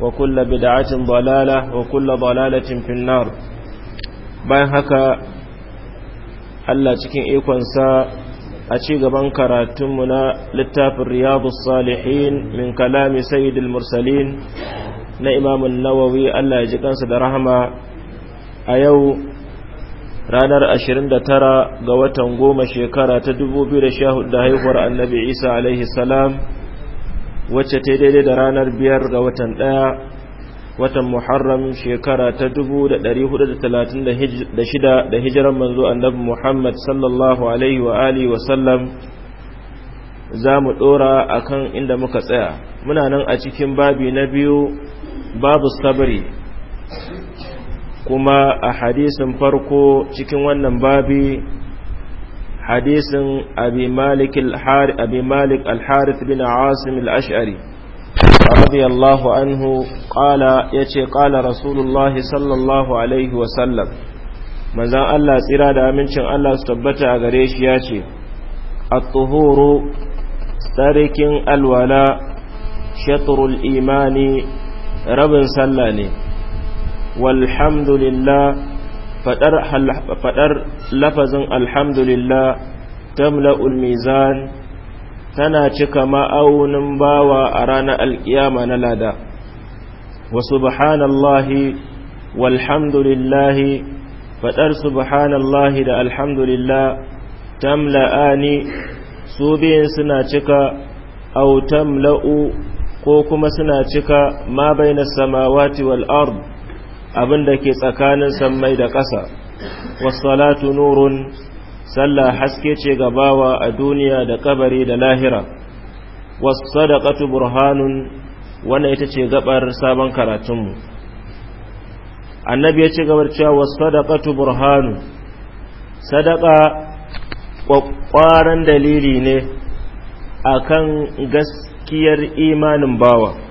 وكل بدعة ضلالة وكل ضلالة في النار bayan haka Allah cikin ikonsa a ci gaban karatunmu na littafin riyadus salihin min kalami sayyidul mursalin na imamun nawawi Allah ya ji kansa da rahama a yau ranar 29 ga watan goma shekara ta 2014 haihuwar annabi isa alaihi salam wacce ta daidai da ranar biyar ga watan ɗaya watan muharram shekara ta dubu da ɗari hudu da talatin da shida da hijiran manzo annabi muhammad sallallahu alaihi wa alihi sallam za mu ɗora a kan inda muka tsaya muna nan a cikin babi na biyu babu sabari kuma a hadisin farko cikin wannan babi حديث أبي مالك الحار أبي مالك الحارث بن عاصم الأشعري رضي الله عنه قال يتي قال رسول الله صلى الله عليه وسلم من ذا الله سيرا دا منشن الله استبت أغريش ياتي الطهور ترك الولاء شطر الإيمان رب سلاني والحمد لله fadar lafazin alhamdulillah tamla'ul mizan tana cika ma'aunin bawa a ranar alkiyama na lada wa subhanallahi walhamdulillahi fadar subhanallahi da alhamdulillah tamla'ani su biyun suna cika au tamla'u ko kuma suna cika ma bai na samawati wal ard abin da ke tsakanin sammai da ƙasa wasalatu nurun sallah haske ce gabawa a duniya da kabari da lahira wasadaqatu burhanun wannan ita ce gabar sabon karatunmu annabi ya ce gabar cewa wasadaqatu burhanu sadaka kwakwaran dalili ne a kan gaskiyar imanin bawa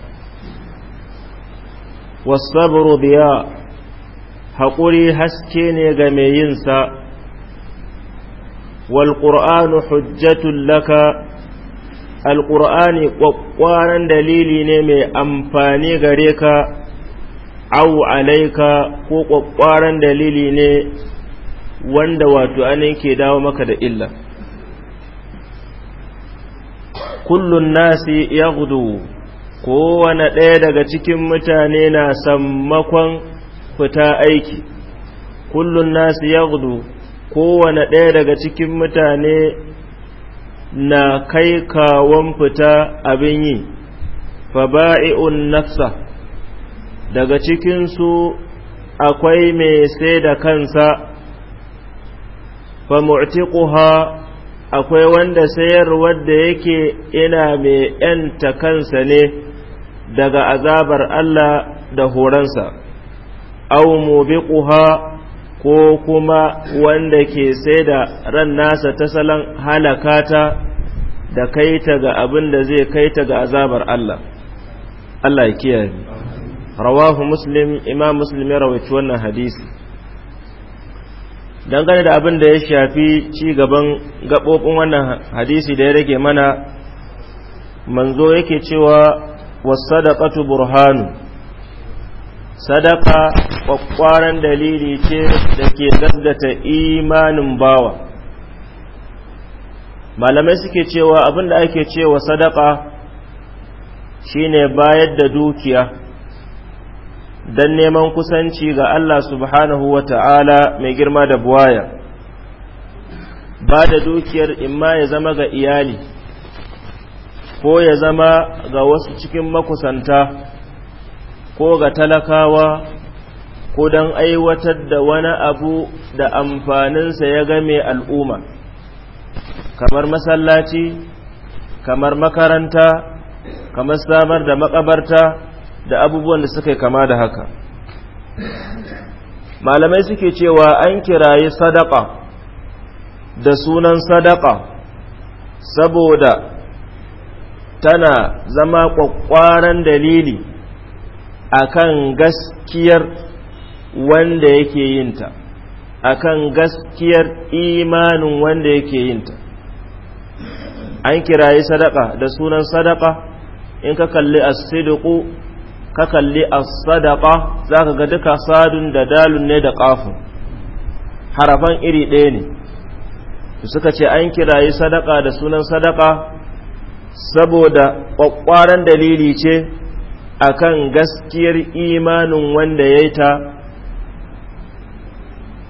wasabru biya haƙuri haske ne ga mai yinsa wal qur'anu hujjatun laka alƙur'ani ƙwaƙwaran dalili ne mai amfani gare ka au alaika ko ƙwaƙwaran dalili ne wanda wato anin ke dawo maka da illa kullun nasi ya gudu kowane ɗaya daga cikin mutane na sammakon fita aiki kullum nasu ya gudu kowane ɗaya daga cikin mutane na kai kawon fita abin yi faba'i'un nafsa daga cikinsu akwai mai sai da kansa fa akwai wanda sayarwar da yake ina mai ‘yanta kansa ne daga azabar Allah da horonsa, au mubiquha ko kuma wanda ke sai da ran nasa ta salon halakata da kaita ga abin da zai kaita ga azabar Allah. Allah ya kiyaye. Rawahu Muslim, Imam Muslim ya rawaici wannan hadisi. Dangane da abin da ya shafi ci gaban gaɓoɓin wannan hadisi da ya rage mana, manzo yake cewa wasadaƙatu burhanu sadaka kwakwaran dalili ce da ke gaggata imanin bawa malamai suke cewa abinda ake cewa sadaka shine bayar da dukiya don neman kusanci ga Allah subhanahu wa ta'ala mai girma da buwaya ba da dukiyar imma ya zama ga iyali ko ya zama ga wasu cikin makusanta ko ga talakawa ko don aiwatar da wani abu da amfaninsa ya game al'umma kamar masallaci kamar makaranta kamar samar da makabarta da abubuwan da suka kama da haka malamai suke cewa an kiraye sadaka da sunan sadaka saboda tana zama ƙwaƙƙwaran dalili akan gaskiyar wanda yake yinta akan gaskiyar imanin wanda yake yinta an kirayi sadaka da sunan sadaka in ka kalli as-sidqu ka kalli as-sadaqa zaka ga duka sadun da dalun ne da qafun harafan iri ɗaya ne suka ce an kirayi sadaka da sunan sadaka saboda ƙwaƙwaran dalili ce a kan gaskiyar imanin wanda ya yi ta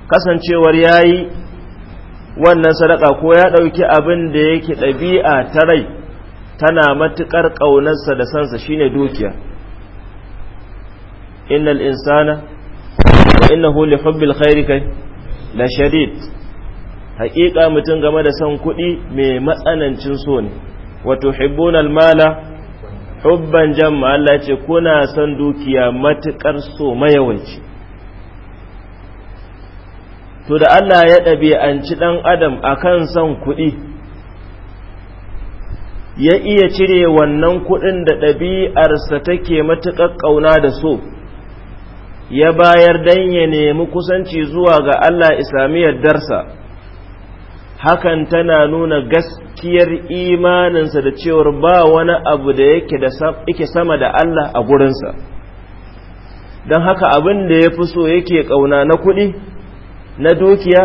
kasancewar ya yi wannan sadaka ko ya ɗauki abin da yake ɗabi'a ta rai tana matuƙar ƙaunarsa da sansa shine dukiya Inna insana wa innahu li hubbil khairi kai la shadid haƙiƙa mutum game da son kuɗi mai matsanancin so ne Wato tuhibbuna mala hubban jamma Allah ce kuna son dukiya matuƙar so mayawanci to da Allah ya ɗabi'anci ɗan adam akan son kuɗi ya iya cire wannan kuɗin da ɗabi'arsa take matuƙar ƙauna da so ya bayar dan ya nemi kusanci zuwa ga Allah isamiyar darsa hakan tana nuna gaskiyar imaninsa da cewar ba wani abu da yake sama da Allah a gurinsa don haka abin da ya fi so yake ƙauna na kuɗi na dukiya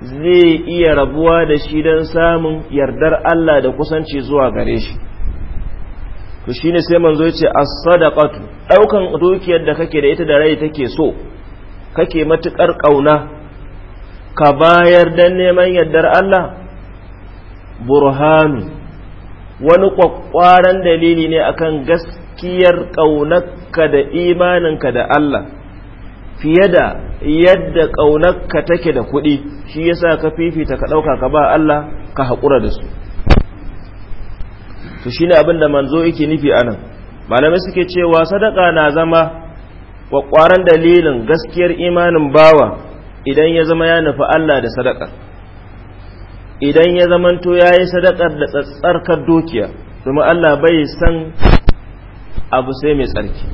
zai iya rabuwa da shi don samun yardar Allah da kusanci zuwa gare shi to shine sai manzo yace as-sadaqatu daukan dukiyar da kake da ita da rai take so kake matukar kauna ka bayar dan neman yardar Allah burhanu wani kwakwaran dalili ne akan gaskiyar ƙaunarka da imaninka da Allah fiye da yadda ƙaunarka take da kuɗi shi yasa ka fifita ka ɗauka ka ba Allah ka haƙura da su to shine abin da manzo yake nufi anan malamai suke cewa sadaka na zama kwakwaran dalilin gaskiyar imanin bawa idan ya zama ya nufi Allah da sadaka idan ya zamanto ya yi sadakar da tsarkar dukiya kuma Allah bai san abu sai mai tsarki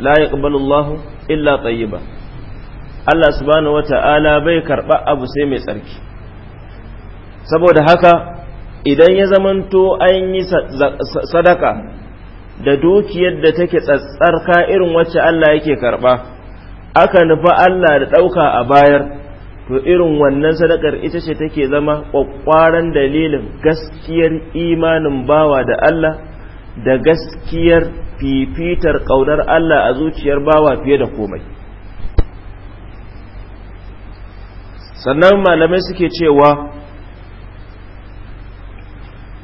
la yaqbalullahu illa tayyiba Allah subhanahu wata'ala bai karba abu sai mai tsarki saboda haka idan ya zamanto an yi sadaka da dukiyar da take tsatsarka irin wacce Allah yake karba aka nufa Allah da ɗauka a bayar to irin wannan sadakar ita ce take zama ƙwaƙwaran dalilin gaskiyar imanin bawa da Allah da gaskiyar fifitar ƙaunar Allah a zuciyar bawa fiye da komai sannan malamai suke cewa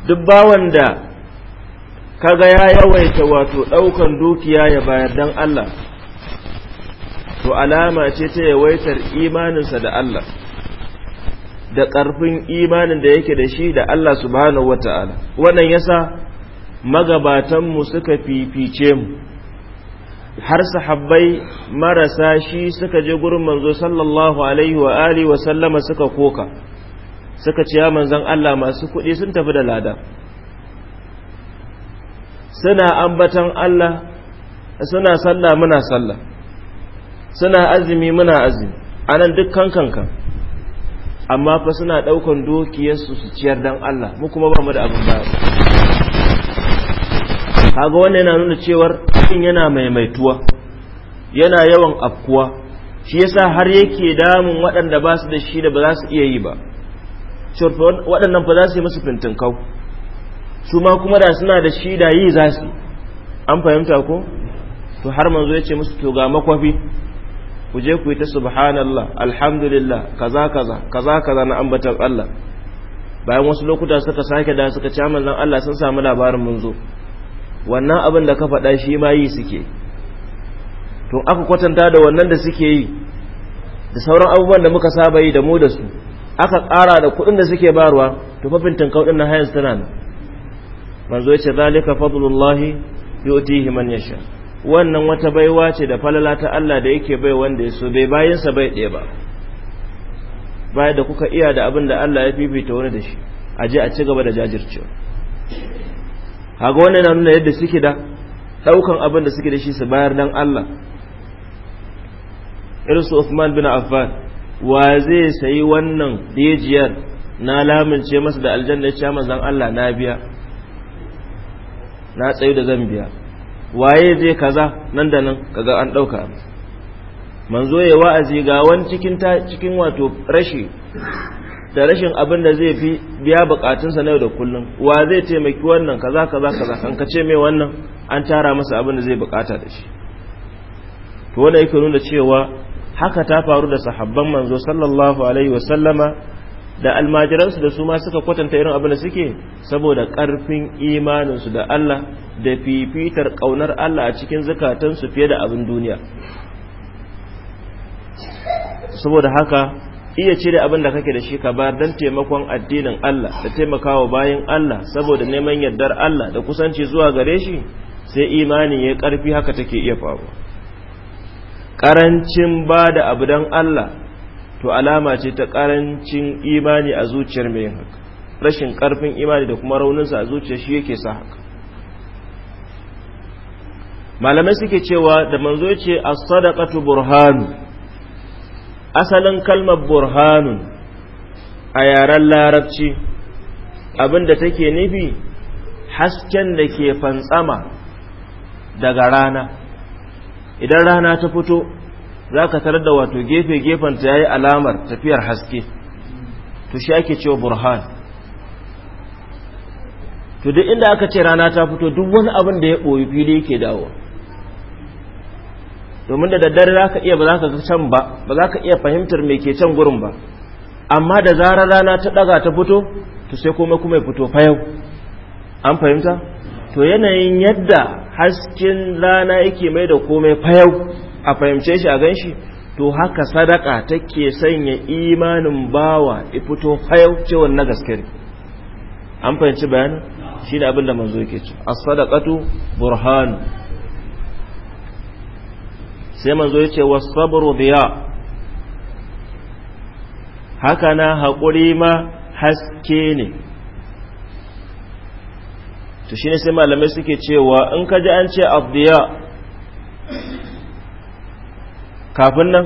duk bawan da kaga ya yawaita wato ɗaukan dukiya ya bayar don Allah to alama ce ta yawaitar imaninsa da Allah da ƙarfin imanin da yake da shi da Allah subhanahu wata'ala wannan yasa magabatanmu suka fifice mu har sahabbai marasa shi suka je gurin manzo sallallahu alaihi wa alihi wa sallama suka koka suka ce ya manzon Allah masu kuɗi sun tafi da lada suna ambatan Allah suna sallah muna sallah suna azumi muna azumi nan duk kankan amma fa suna daukan dokiyarsu su ciyar dan Allah mu kuma ba mu da abin ba kaga wannan yana nuna cewar cikin yana maimaituwa yana yawan afkuwa shi yasa har yake damun waɗanda ba su da shi da ba za su iya yi ba waɗannan fa za su yi musu fintinkau su ma kuma da suna da shi da yi za su an fahimta ko to har manzo ya ce musu to ga makwafi ku je ku yi ta subhanallah alhamdulillah kaza kaza kaza kaza na ambatan Allah bayan wasu lokuta suka sake da suka ci amalan Allah sun samu labarin mun zo wannan abin da ka faɗa shi ma yi suke tun aka kwatanta da wannan da suke yi da sauran abubuwan da muka saba yi da mu da su aka ƙara da kuɗin da suke barwa to fafin tankau ɗin na hayan tana nan manzo ya ce zalika fadlullahi yu'tihi man yasha wannan wata baiwa ce da falala ta Allah da yake bai wanda ya so bai bayansa bai ɗaya ba bayan da kuka iya da abin da Allah ya fifita wani da shi a je a ci gaba da jajircewa haga wannan na nuna yadda suke da ɗaukan abin da suke da shi su bayar dan Allah irin su Uthman bin Affan wa zai sayi wannan dejiyar na lamince masa da aljanna ya ce Allah na biya na tsayu da zan biya waye zai kaza nan da nan kaga an ɗauka manzo ya wa'azi ga wani cikin cikin wato rashi da rashin abin da zai fi biya bukatunsa na yau da kullum wa zai taimaki wannan kaza kaza kaza an kace mai wannan an tara masa abin da zai bukata da shi to wanda yake nuna cewa haka ta faru da sahabban manzo sallallahu alaihi wasallama da almajiransu da su ma suka kwatanta irin abin da suke saboda ƙarfin imaninsu da Allah da fifitar ƙaunar Allah a cikin zukatansu fiye da abin duniya saboda haka iya cire abin da kake da shi ka bayar don taimakon addinin Allah da taimakawa bayan Allah saboda neman yardar Allah da kusanci zuwa gare shi sai imani ya ƙarfi haka take iya faru ƙarancin ba da abu don Allah to alama ce ta ƙarancin imani a zuciyar mai haka rashin ƙarfin imani da kuma rauninsa a zuciyar shi yake sa haka malamai suke cewa da manzo ce a sadakatu burhanu asalin kalmar Burhanu a yaren larabci abinda take nufi hasken da ke fantsama daga rana idan rana ta fito za ka tarar da wato gefe gefen ta yayi alamar tafiyar haske to shi ake cewa burhan to duk inda aka ce rana ta fito duk wani abin da ya boyi fili yake dawo domin da daddare za ka iya ba za ka ga can ba ba za ka iya fahimtar me ke can gurin ba amma da zarar rana ta ɗaga ta fito to sai komai kuma ya fito fa yau an fahimta to yanayin yadda hasken rana yake mai da komai fa yau a fahimce shi a gan shi to haka sadaka take sanya imanin bawa fito hayau cewar na gaske an fahimci bayanin shi ne abin da manzo yake ci as sadaqatu burhan sai manzo yace was sabru biya haka na hakuri ma haske ne to shine sai malamai suke cewa in ka ji an ce abdiya kafin nan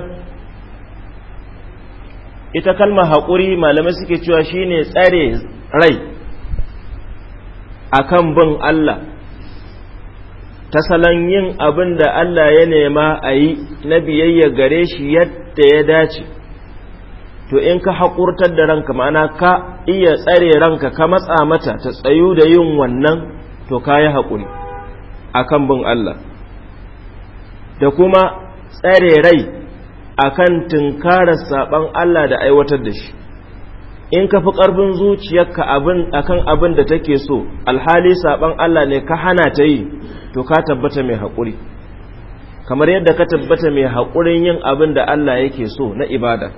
ita kalma haƙuri malamai suke cewa shine tsare rai akan bin Allah ta salon yin abin da Allah ya nema a yi na biyayya gare shi yadda ya dace to in ka haƙurtar da ranka ma'ana ka iya tsare ranka ka matsa mata ta tsayu da yin wannan to ka yi haƙuri akan bin Allah da kuma tsare rai akan tunkarar saɓan Allah da aiwatar da shi in ka fi ƙarfin zuciyarka akan abin da take so alhali saɓan Allah ne ka hana ta yi to ka tabbata mai haƙuri kamar yadda ka tabbata mai haƙurin yin abin da Allah yake so na ibada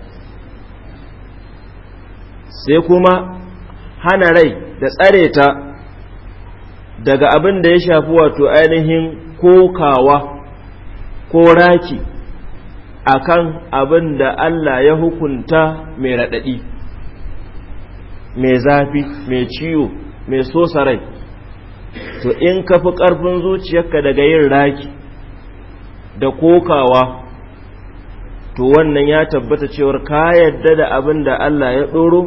sai kuma hana rai da tsare ta daga abin da ya shafi wato ainihin kokawa ko raki akan abin da Allah ya hukunta mai raɗaɗi mai zafi mai ciwo mai sosa rai to in ka fi ƙarfin zuciyarka daga yin raki da kokawa to wannan ya tabbata cewar ka yadda da abin da Allah ya ɗoro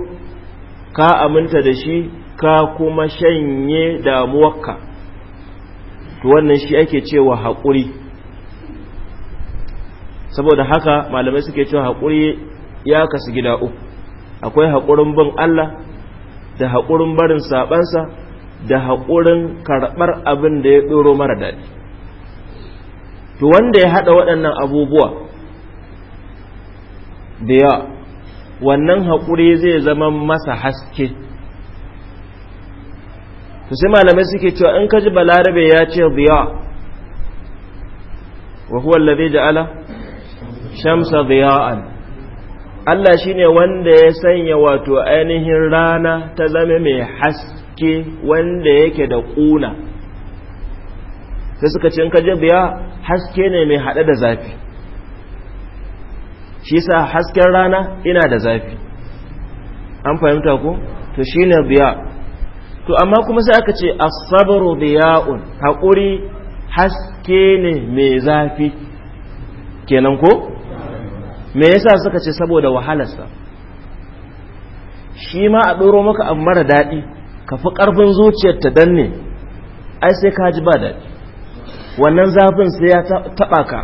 ka aminta da shi ka kuma shanye damuwarka to wannan shi ake cewa haƙuri saboda haka malamai suke cewa haƙuri ya kasu gida uku akwai haƙurin bin Allah da haƙurin barin saɓansa da haƙurin karɓar abin da ya ɗoro mara daɗi to wanda ya haɗa waɗannan abubuwa da yawa wannan haƙuri zai zama masa haske to sai malamai suke cewa in ka ji balarabe ya ce biya wa huwa ja'ala shamsa ziya'an Allah shine wanda ya sanya wato ainihin rana ta zama mai haske wanda yake da kuna sai suka ce in ka je biya haske ne mai hada da zafi shi sa hasken rana ina da zafi an fahimta ko to shine biya to amma kuma sai aka ce as-sabru biya'un haƙuri haske ne mai zafi kenan ko me yasa suka ce saboda wahalarsa shi ma a ɗoro maka abu mara daɗi ka fi ƙarfin zuciyar ta danne ai sai ka ji ba daɗi wannan zafin sai ya taɓa ka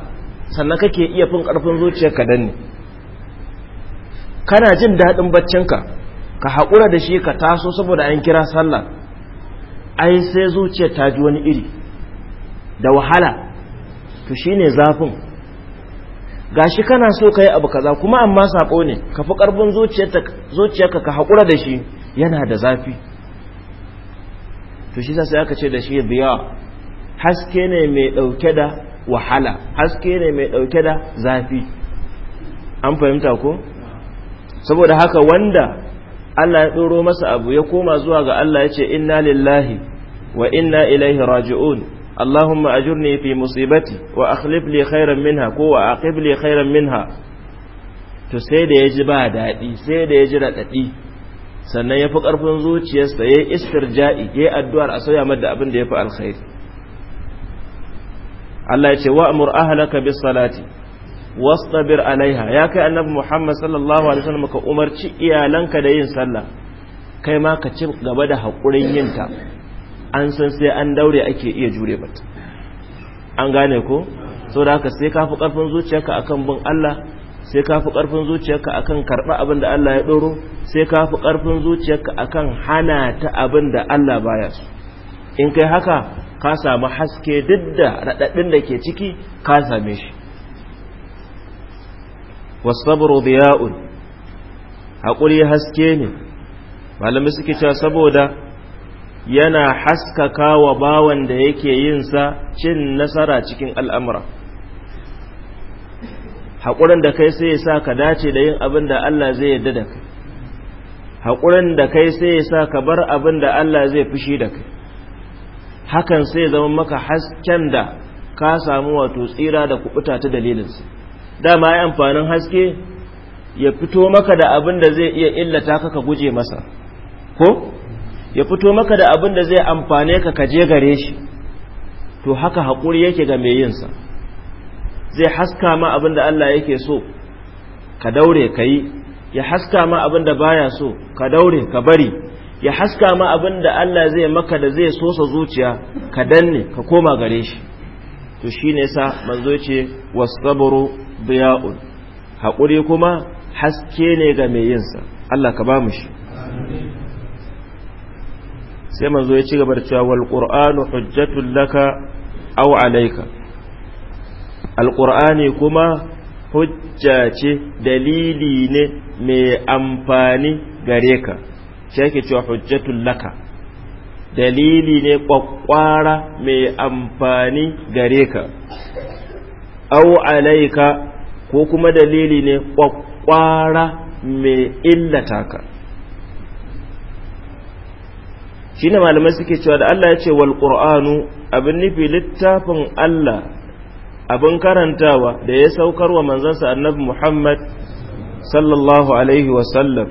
sannan kake iya fin ƙarfin zuciyar ka danne kana jin daɗin baccinka ka haƙura da shi ka taso saboda an kira sallah ai sai zuciyar ta ji wani iri da wahala to shine zafin gashi kana so ka yi abu kaza kuma amma sako ne ka fi ƙarfin zuciyarka ka haƙura da shi yana da zafi to shi sai aka ce da shi biya haske ne mai ɗauke da wahala haske ne mai ɗauke da zafi an fahimta ko saboda haka wanda Allah ya ɗoro masa abu ya koma zuwa ga Allah ya ce inna lillahi wa inna ilaihi raji'un اللهم أجرني في مصيبتي وأخلف لي خيرا منها كو أقب لي خيرا منها تسيد يجبا دائي سيد يجرى دائي sannan ya fi ƙarfin zuciyarsa ya yi istirja'i ya yi addu'ar a sauya mada abin da ya fi alkhairi Allah ya ce wa'amur ahalaka bis salati wastabir alaiha ya kai annabi Muhammad sallallahu alaihi wasallam ka umarci iyalanka da yin sallah kai ma ka ci gaba da haƙurin yinta an san sai an daure ake iya jure mata an gane ko so da haka sai kafi karfin zuciyarka akan bin Allah sai kafi karfin zuciyarka akan karba abin da Allah ya doro sai kafi karfin zuciyarka akan hana ta abin da Allah baya su in kai haka ka samu haske duk da radadin da ke ciki ka same shi wasabru diya'un haƙuri haske ne malamai suke cewa saboda yana haskaka wa bawan da yake yinsa cin nasara cikin al'amura haƙurin da kai sai ya sa ka dace da yin abin da Allah zai yadda da kai haƙurin da kai sai ya sa ka bar abin da Allah zai fushi da kai hakan sai zama maka hasken da ka samu wato tsira da kubuta ta dalilinsu, dama ya amfanin haske ya fito maka da abin da zai iya illata ka ka guje masa ko ya fito maka da abin da zai amfane ka kaje gare shi to haka haƙuri yake ga mai yinsa zai haska ma abin da Allah yake so ka daure ka yi ya haska ma abin da baya so ka daure ka bari ya haska ma abin da Allah zai maka da zai sosa zuciya ka danne ka koma gare shi to shi ne sa manzo ce wasabru biya'un haƙuri kuma haske ne ga mai yinsa Allah ka ba mu shi sai manzo ya ci gaba da cewa wal qur'anu hujjatul laka aw alayka alqur'ani kuma hujja ce dalili ne mai amfani gare ka sai ke cewa hujjatul laka dalili ne kwakwara mai amfani gare ka au alayka ko kuma dalili ne kwakwara mai illata ka shine malamai suke cewa da Allah ya ce wal qur'anu abin nufi littafin Allah abin karantawa da ya saukar wa manzansa annabi Muhammad sallallahu alaihi wa sallam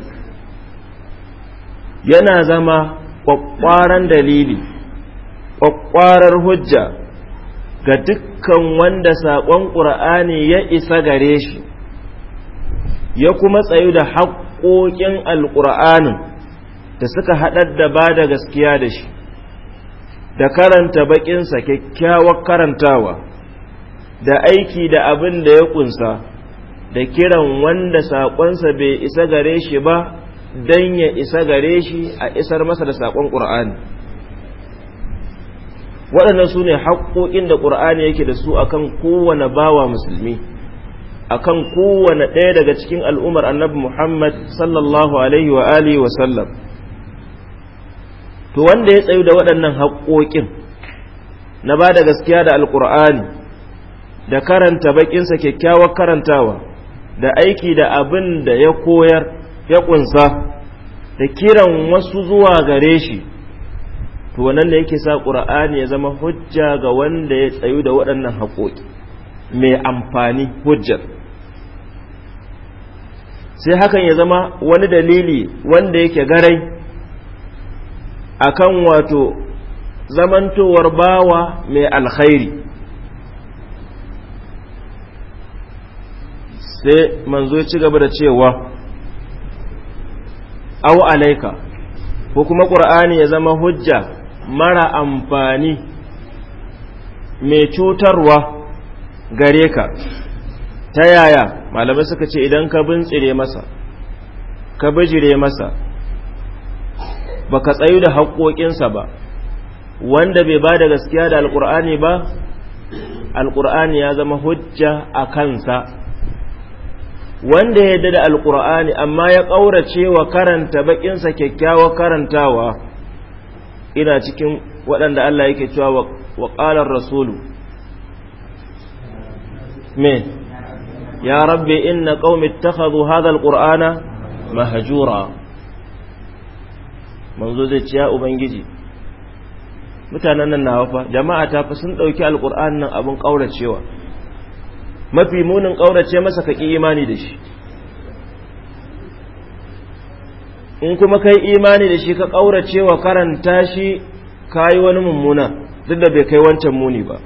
yana zama kwakwaran dalili kwakwarar hujja ga dukkan wanda saƙon ƙur'ani ya isa gare shi ya kuma tsayu da haƙƙoƙin alƙur'anin da suka haɗar da ba da gaskiya da shi da karanta bakinsa kyakkyawar karantawa da aiki da abin da ya kunsa da kiran wanda saƙonsa bai isa gare shi ba don ya isa gare shi a isar masa da saƙon ƙur'ani waɗannan su ne haƙoƙin da ƙur'ani yake da su akan kowane bawa musulmi akan kowane ɗaya daga cikin al'ummar annabi muhammad sallallahu alaihi wa alihi wa sallam to wanda ya tsayu da waɗannan haƙoƙin na ba da gaskiya da alƙur'ani da karanta baƙinsa kyakkyawar karantawa da aiki da abin da ya koyar ya ƙunsa da kiran wasu zuwa gare shi to wannan da yake sa ƙur'ani ya zama hujja ga wanda ya tsayu da waɗannan haƙoƙi mai amfani hujjar sai hakan ya zama wani dalili wanda yake garai akan wato zamantowar bawa mai alkhairi sai manzo ya ci gaba da cewa au alaika ko kuma ƙur'ani ya zama hujja mara amfani mai cutarwa gare ka ta yaya malamai suka ce idan ka bincire masa ka bijire masa baka tsayu da haƙoƙinsa ba wanda bai ba da gaskiya da alƙur'ani ba alƙur'ani ya zama hujja a kansa wanda ya da alƙur'ani amma ya ƙaurace wa karanta baƙinsa kyakkyawa karantawa ina cikin waɗanda Allah yake cewa wa ƙalar rasulu me ya rabbi inna qaumi ittakhadhu hadha Alƙur'ana mahjura manzo zai ce ya ubangiji mutanen nan nawa fa jama'a ta fa sun ɗauki alqur'an nan abun kauracewa mafi munin kaurace masa ka imani da shi in kuma kai imani da shi ka kauracewa karanta shi yi wani mummuna duk da bai kai wancan muni ba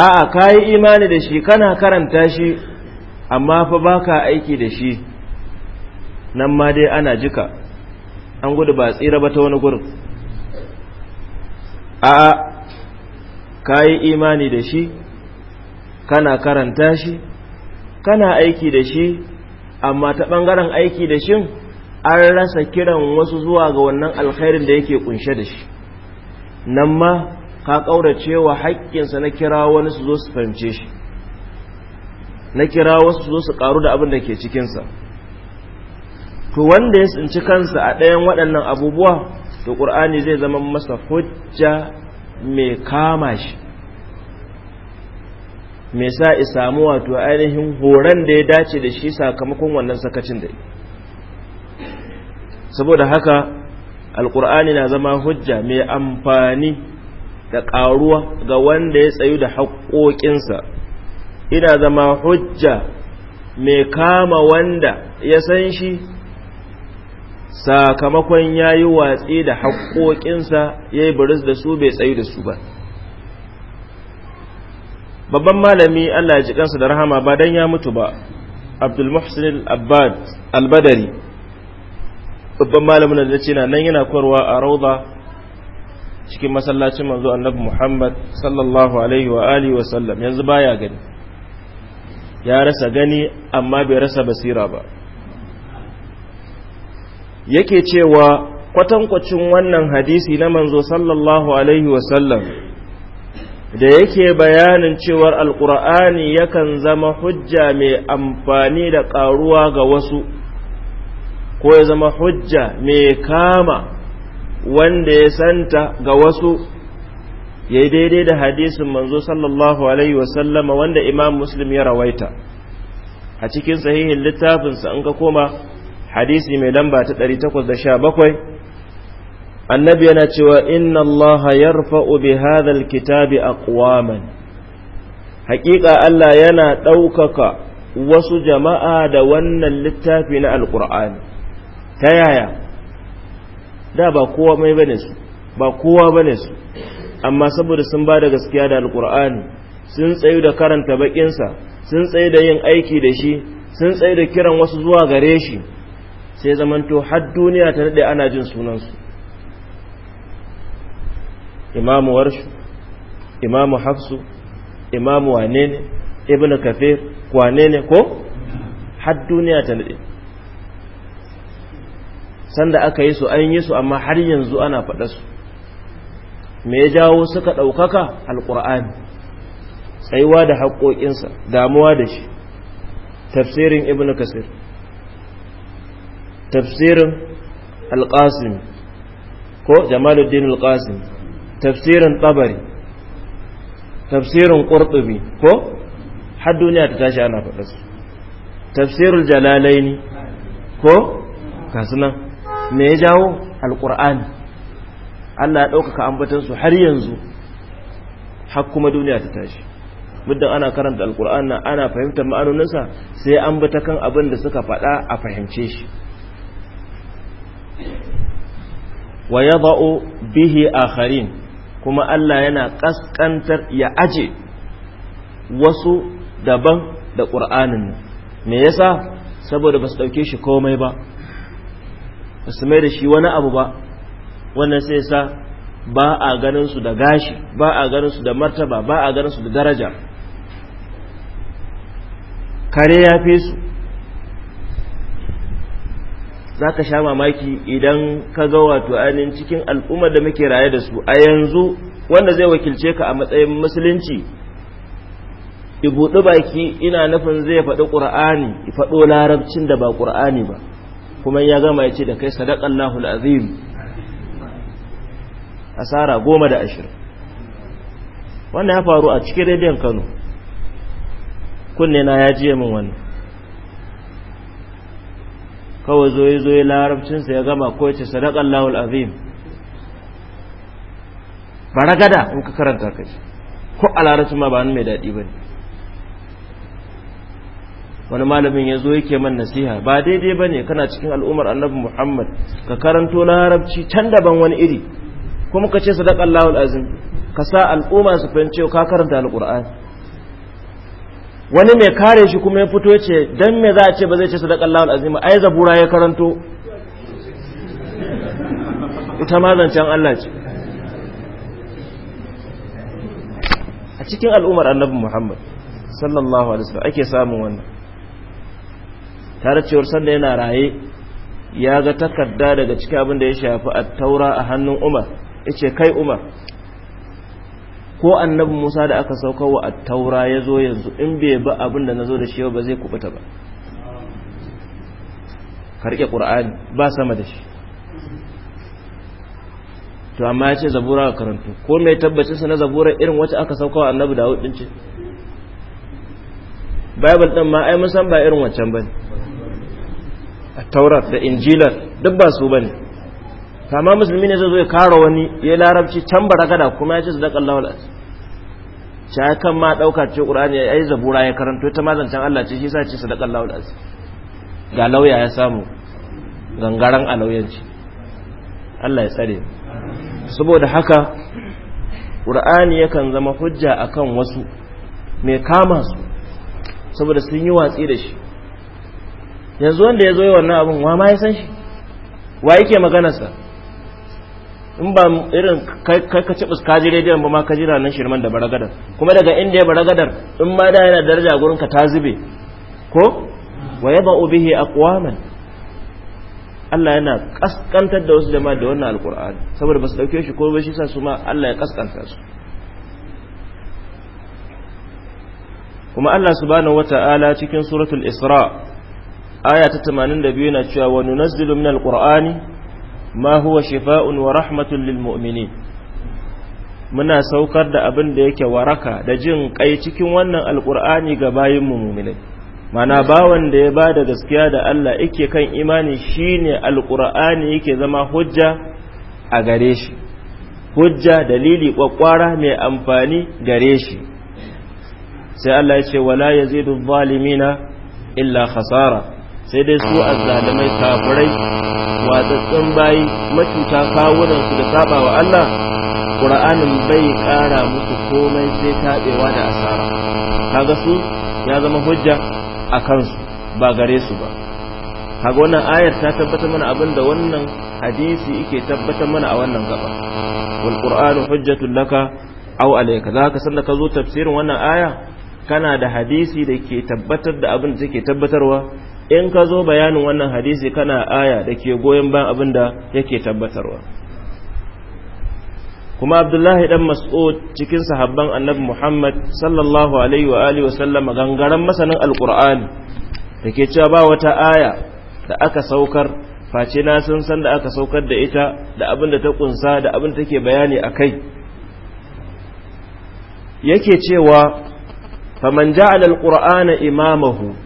a'a kayi imani da shi kana karanta shi amma fa baka aiki da shi nan ma dai ana jika an gudu ba tsira ba ta wani gurin a'a ka yi imani da shi kana karanta shi kana aiki da shi amma ta ɓangaren aiki da shi an rasa kiran wasu zuwa ga wannan alkhairin da yake kunshe da shi nan ma ka ƙaurace wa haƙƙinsa na kira wani su zo su fahimce shi na kira wasu su zo su ƙaru da abin da ke cikinsa to wanda ya tsinci kansa a ɗayan waɗannan abubuwa to ƙur'ani zai zama masa hujja mai kama shi mai sa isamu wato ainihin horon da ya dace da shi sakamakon wannan sakacin da saboda haka alƙur'ani na zama hujja mai amfani da ƙaruwa ga wanda ya tsayu da haƙoƙinsa ina zama hujja mai kama wanda ya san shi sakamakon ya yi watsi da haƙoƙinsa ya yi buris da su bai tsayi da su ba babban malami allah ji kansa da rahama ba don ya mutu ba abdulmuhsin Al-Badari. babban malamin da ce na nan yana korwa a rauda cikin masallacin manzo annabi muhammad sallallahu alaihi wa alihi wa sallam yanzu baya gani ya rasa gani amma bai rasa basira ba yake cewa kwatankwacin wannan hadisi na manzo sallallahu alaihi wasallam da yake bayanin cewar alkur'ani yakan zama hujja mai amfani da karuwa ga wasu ko ya zama hujja mai kama wanda ya santa ga wasu ya daidai da hadisin manzo sallallahu alaihi wasallama wanda imam muslim ya rawaita a cikin sahihin littafinsa in ka koma hadisi mai lamba ta 817 annabi yana cewa inna Allah yarfa'u bi hadha kitabi aqwaman haƙiƙa Allah yana ɗaukaka wasu jama'a da wannan littafi na alƙur'ani ta yaya da ba kowa mai bane su ba kowa bane su amma saboda sun ba da gaskiya da alkur'ani sun tsayu da karanta bakinsa sun tsayu da yin aiki da shi sun tsayu da kiran wasu zuwa gare shi sai zamanto har duniya ta daɗe ana jin sunansu imamu warshu imamu hafsu imamu wane ne ibn kafir kwane ne ko har duniya ta daɗe sanda aka yi su an yi su amma har yanzu ana faɗa su me jawo suka ɗaukaka alƙur'ani tsayuwa da haƙoƙinsa damuwa da shi tafsirin ibn kasir tafsirin alƙasim ko jamaluddin alƙasim tafsirin tabari tafsirin ƙurɗubi ko har duniya ta tashi ana faɗa Tafsirin tafsirul jalalaini ko kasuna me ya jawo alƙur'ani Allah ya ɗaukaka ambatansu har yanzu har kuma duniya ta tashi muddin ana karanta alƙur'ani ana fahimtar ma'anoninsa sai ambata kan abin da suka faɗa a fahimce shi wa yada'u bihi akharin kuma Allah yana ƙasƙantar ya aje wasu daban da Qur'anin nan me yasa saboda basu dauke shi komai ba su mai da shi wani abu ba wannan sai sa ba a ganinsu da gashi ba a ganin da martaba ba a ganin da daraja kare ya fi su za ka sha mamaki idan ka ga wato ainihin cikin al'ummar da muke raye da su a yanzu wanda zai wakilce ka a matsayin musulunci i buɗi baki ina nufin zai faɗi ƙur'ani i faɗo larabcin da ba ƙur'ani ba kuma ya gama ya ce da kai lahul azim asara goma da ashirin wanda ya faru a cikin rediyon kano kunne na ya jiye min wannan kawai zoye zoye larabcinsa ya gama ko ce sadaƙan lahul azim gada in ka karanta ka ce ko a larabcin ma ba mai daɗi ba wani malamin ya zo yake man nasiha ba daidai ba ne kana cikin al'ummar annabi muhammad ka karanto larabci can daban wani iri kuma ka ce sadakan lahul azim ka sa al'umma su fahimci ka karanta alƙur'ani wani mai kare shi kuma ya fito ce don me za a ce ba zai ce sadakallahu azima ai zabura ya karanto ita ma an Allah ce a cikin al'ummar annabi Muhammad sallallahu alaihi wasallam ake samun wannan tare cewar sanda yana raye ya ga takarda daga cikin abin da ya shafi a taura a hannun Umar yace kai Umar ko annabi Musa da aka saukar wa at-taura yazo yanzu in bai ba abin da nazo da shi ba zai kubuta ba karke qur'ani ba sama da shi to amma yace zabura ka karantu ko mai tabbacin sa na zabura irin wacce aka saukar wa annabi Dawud din ce bible din ma ai mun san ba irin waccan bane at-taurat da injilar duk ba su bane kama musulmi ne zai zo ya kara wani ya larabci can gada kuma ya ce sadaqallahu alazim ya kan ma ɗauka ce qur'ani yi zabura ya karanto ta mazancan Allah ce shi sa ce sadaqallahu alazim ga lauya ya samu gangaren lauyanci Allah ya tsare saboda haka qur'ani yakan zama hujja akan wasu mai kama su saboda sun yi watsi da shi yanzu wanda ya zo yi wannan abin wa ma ya san shi wa yake maganarsa in ba irin kai ka ci ka ji rediyon ba ma ka jira nan shirman da baragadar kuma daga inda ya baragadar in ma da yana daraja gurin ka ta zube ko wa yaba bihi aqwaman Allah yana kaskantar da wasu jama'a da wannan alqur'ani saboda ba su dauke shi ko ba shi sa su ma Allah ya kaskanta su kuma Allah subhanahu wata'ala cikin suratul isra aya ta 82 yana cewa wa nunazzilu minal qur'ani ma huwa shifa'un wa rahmatun lil mu'minin muna saukar da abin da yake waraka da jin kai cikin wannan alkur'ani ga bayin mu mu'minai mana bawan da ya bada gaskiya da Allah yake kan imani shine alkur'ani yake zama hujja a gare shi hujja dalili kwakwara mai amfani gare shi sai Allah ya ce wala yazidu zalimina illa khasara sai dai su azzalimai kafirai watsatsun bayi kawunan su da saba wa Allah Qur'anin bai kara musu komai sai taɓewa da asara kaga su ya zama hujja a kansu ba gare su ba kaga wannan ayar ta tabbatar mana abin da wannan hadisi yake tabbatar mana a wannan gaba wal qur'anu hujjatun laka aw alayka zaka san da ka zo tafsirin wannan aya kana da hadisi da ke tabbatar da abin da take tabbatarwa in ka zo bayanin wannan hadisi kana aya da ke goyon ban abin da yake tabbatarwa kuma abdullahi dan mas'ud cikin sahabban annabi muhammad sallallahu alaihi wa alihi gangaren masanin alqur'ani da ke cewa ba wata aya da aka saukar face na sun san da aka saukar da ita da abin da ta kunsa da abin da take bayani a kai yake cewa faman ja'ala alqur'ana imamahu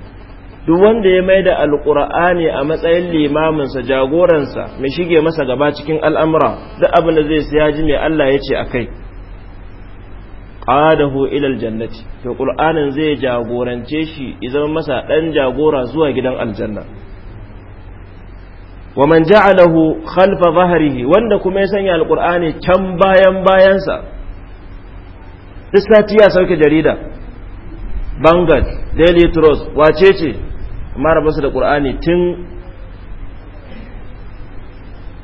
duk wanda ya maida alqur'ani a matsayin limaminsa jagoransa mai shige masa gaba cikin al'amura duk abin da zai siya ji mai Allah ya ce akai qadahu ila aljannati to qur'anin zai jagorance shi idan masa ɗan jagora zuwa gidan aljanna wa man ja'alahu khalfa dhahrihi wanda kuma ya sanya alqur'ani can bayan bayansa duk sati ya sauke jarida bangal daily trust wace ce marabarsa da ƙur'ani tun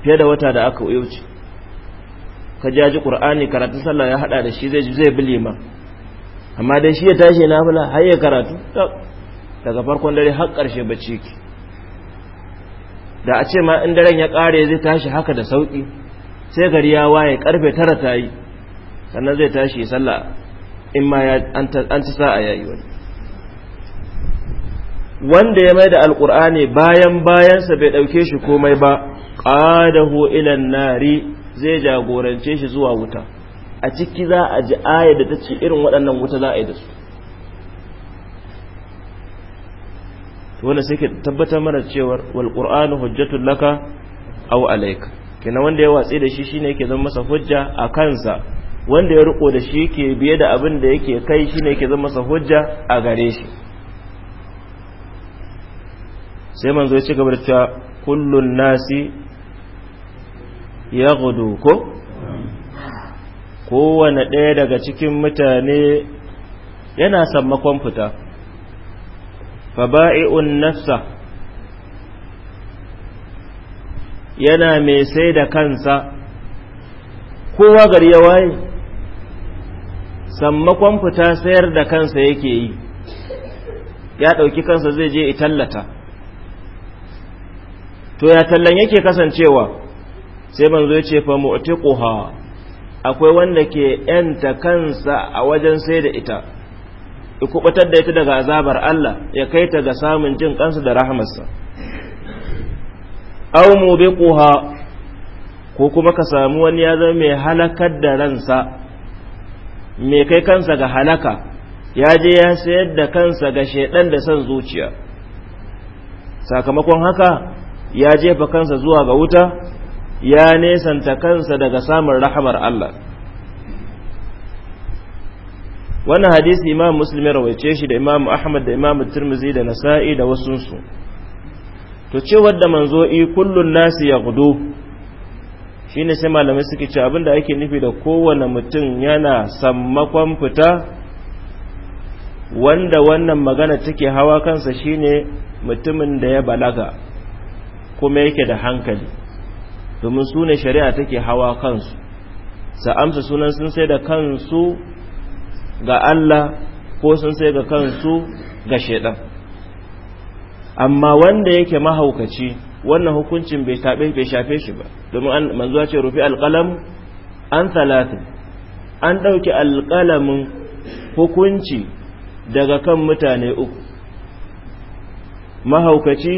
fiye da wata da aka wuce ka jaji ƙur'ani karatun sallah ya haɗa da shi zai zai ma. amma dai shi ya tashi na fula har ya karatu daga farkon dare har ƙarshe bacci ki da a ce ma in daren ya ƙare zai tashi haka da sauƙi sai gari ya waye ƙarfe tara ta yi sannan zai tashi sallah in ma an ta sa a yayi wani wanda ya mai da alkur'ani bayan bayansa bai ɗauke shi komai ba ƙadahu ilan nari zai jagorance shi zuwa wuta a ciki za a ji aya da ta ce irin waɗannan wuta za a yi da su wanda sai ke tabbatar mana cewar wal qur'anu hujjatul laka aw alayka kenan wanda ya watsi da shi shine yake zama masa hujja a kansa wanda ya riko da shi yake biye da abin da yake kai shine yake zama masa hujja a gare shi sai manzo ya ci gaba da ta kullun nasi gudu ko kowane ɗaya daga cikin mutane yana sammakon fita faba'i'un nafsa yana mai sai da kansa kowa gari ya waye sammakon fita sayar da kansa yake yi ya ɗauki kansa zai je tallata. to ya tallan yake kasancewa sai manzo ya ce fa mu'tiquha akwai wanda ke yanta kansa a wajen sai da ita ya kubutar da ita daga azabar Allah ya kai ta ga samun jin kansa da rahamarsa aw mubiquha ko kuma ka samu wani ya zama mai halakar da ransa mai kai kansa ga halaka ya je ya sayar da kansa ga shaidan da son zuciya sakamakon haka ya jefa kansa zuwa ga wuta ya nesanta kansa daga samun rahamar Allah wannan hadisi imam muslim ya rawaice shi da imam ahmad da imam tirmizi da nasa'i da wasunsu to ce wadda manzo i kullun nasi ya gudu Shi ne sai malamai suke ce abinda ake nufi da kowane mutum yana sammakon fita wanda wannan magana take hawa kansa shine mutumin da ya balaga kuma yake da hankali domin su ne shari'a take hawa kansu sa amsa sunan sun sai da kansu ga Allah ko sun sai ga kansu ga shedan amma wanda yake mahaukaci wannan hukuncin bai tabe bai shafe shi ba domin manzo ce rufi alqalam an talatin an dauki alqalamin hukunci daga kan mutane uku mahaukaci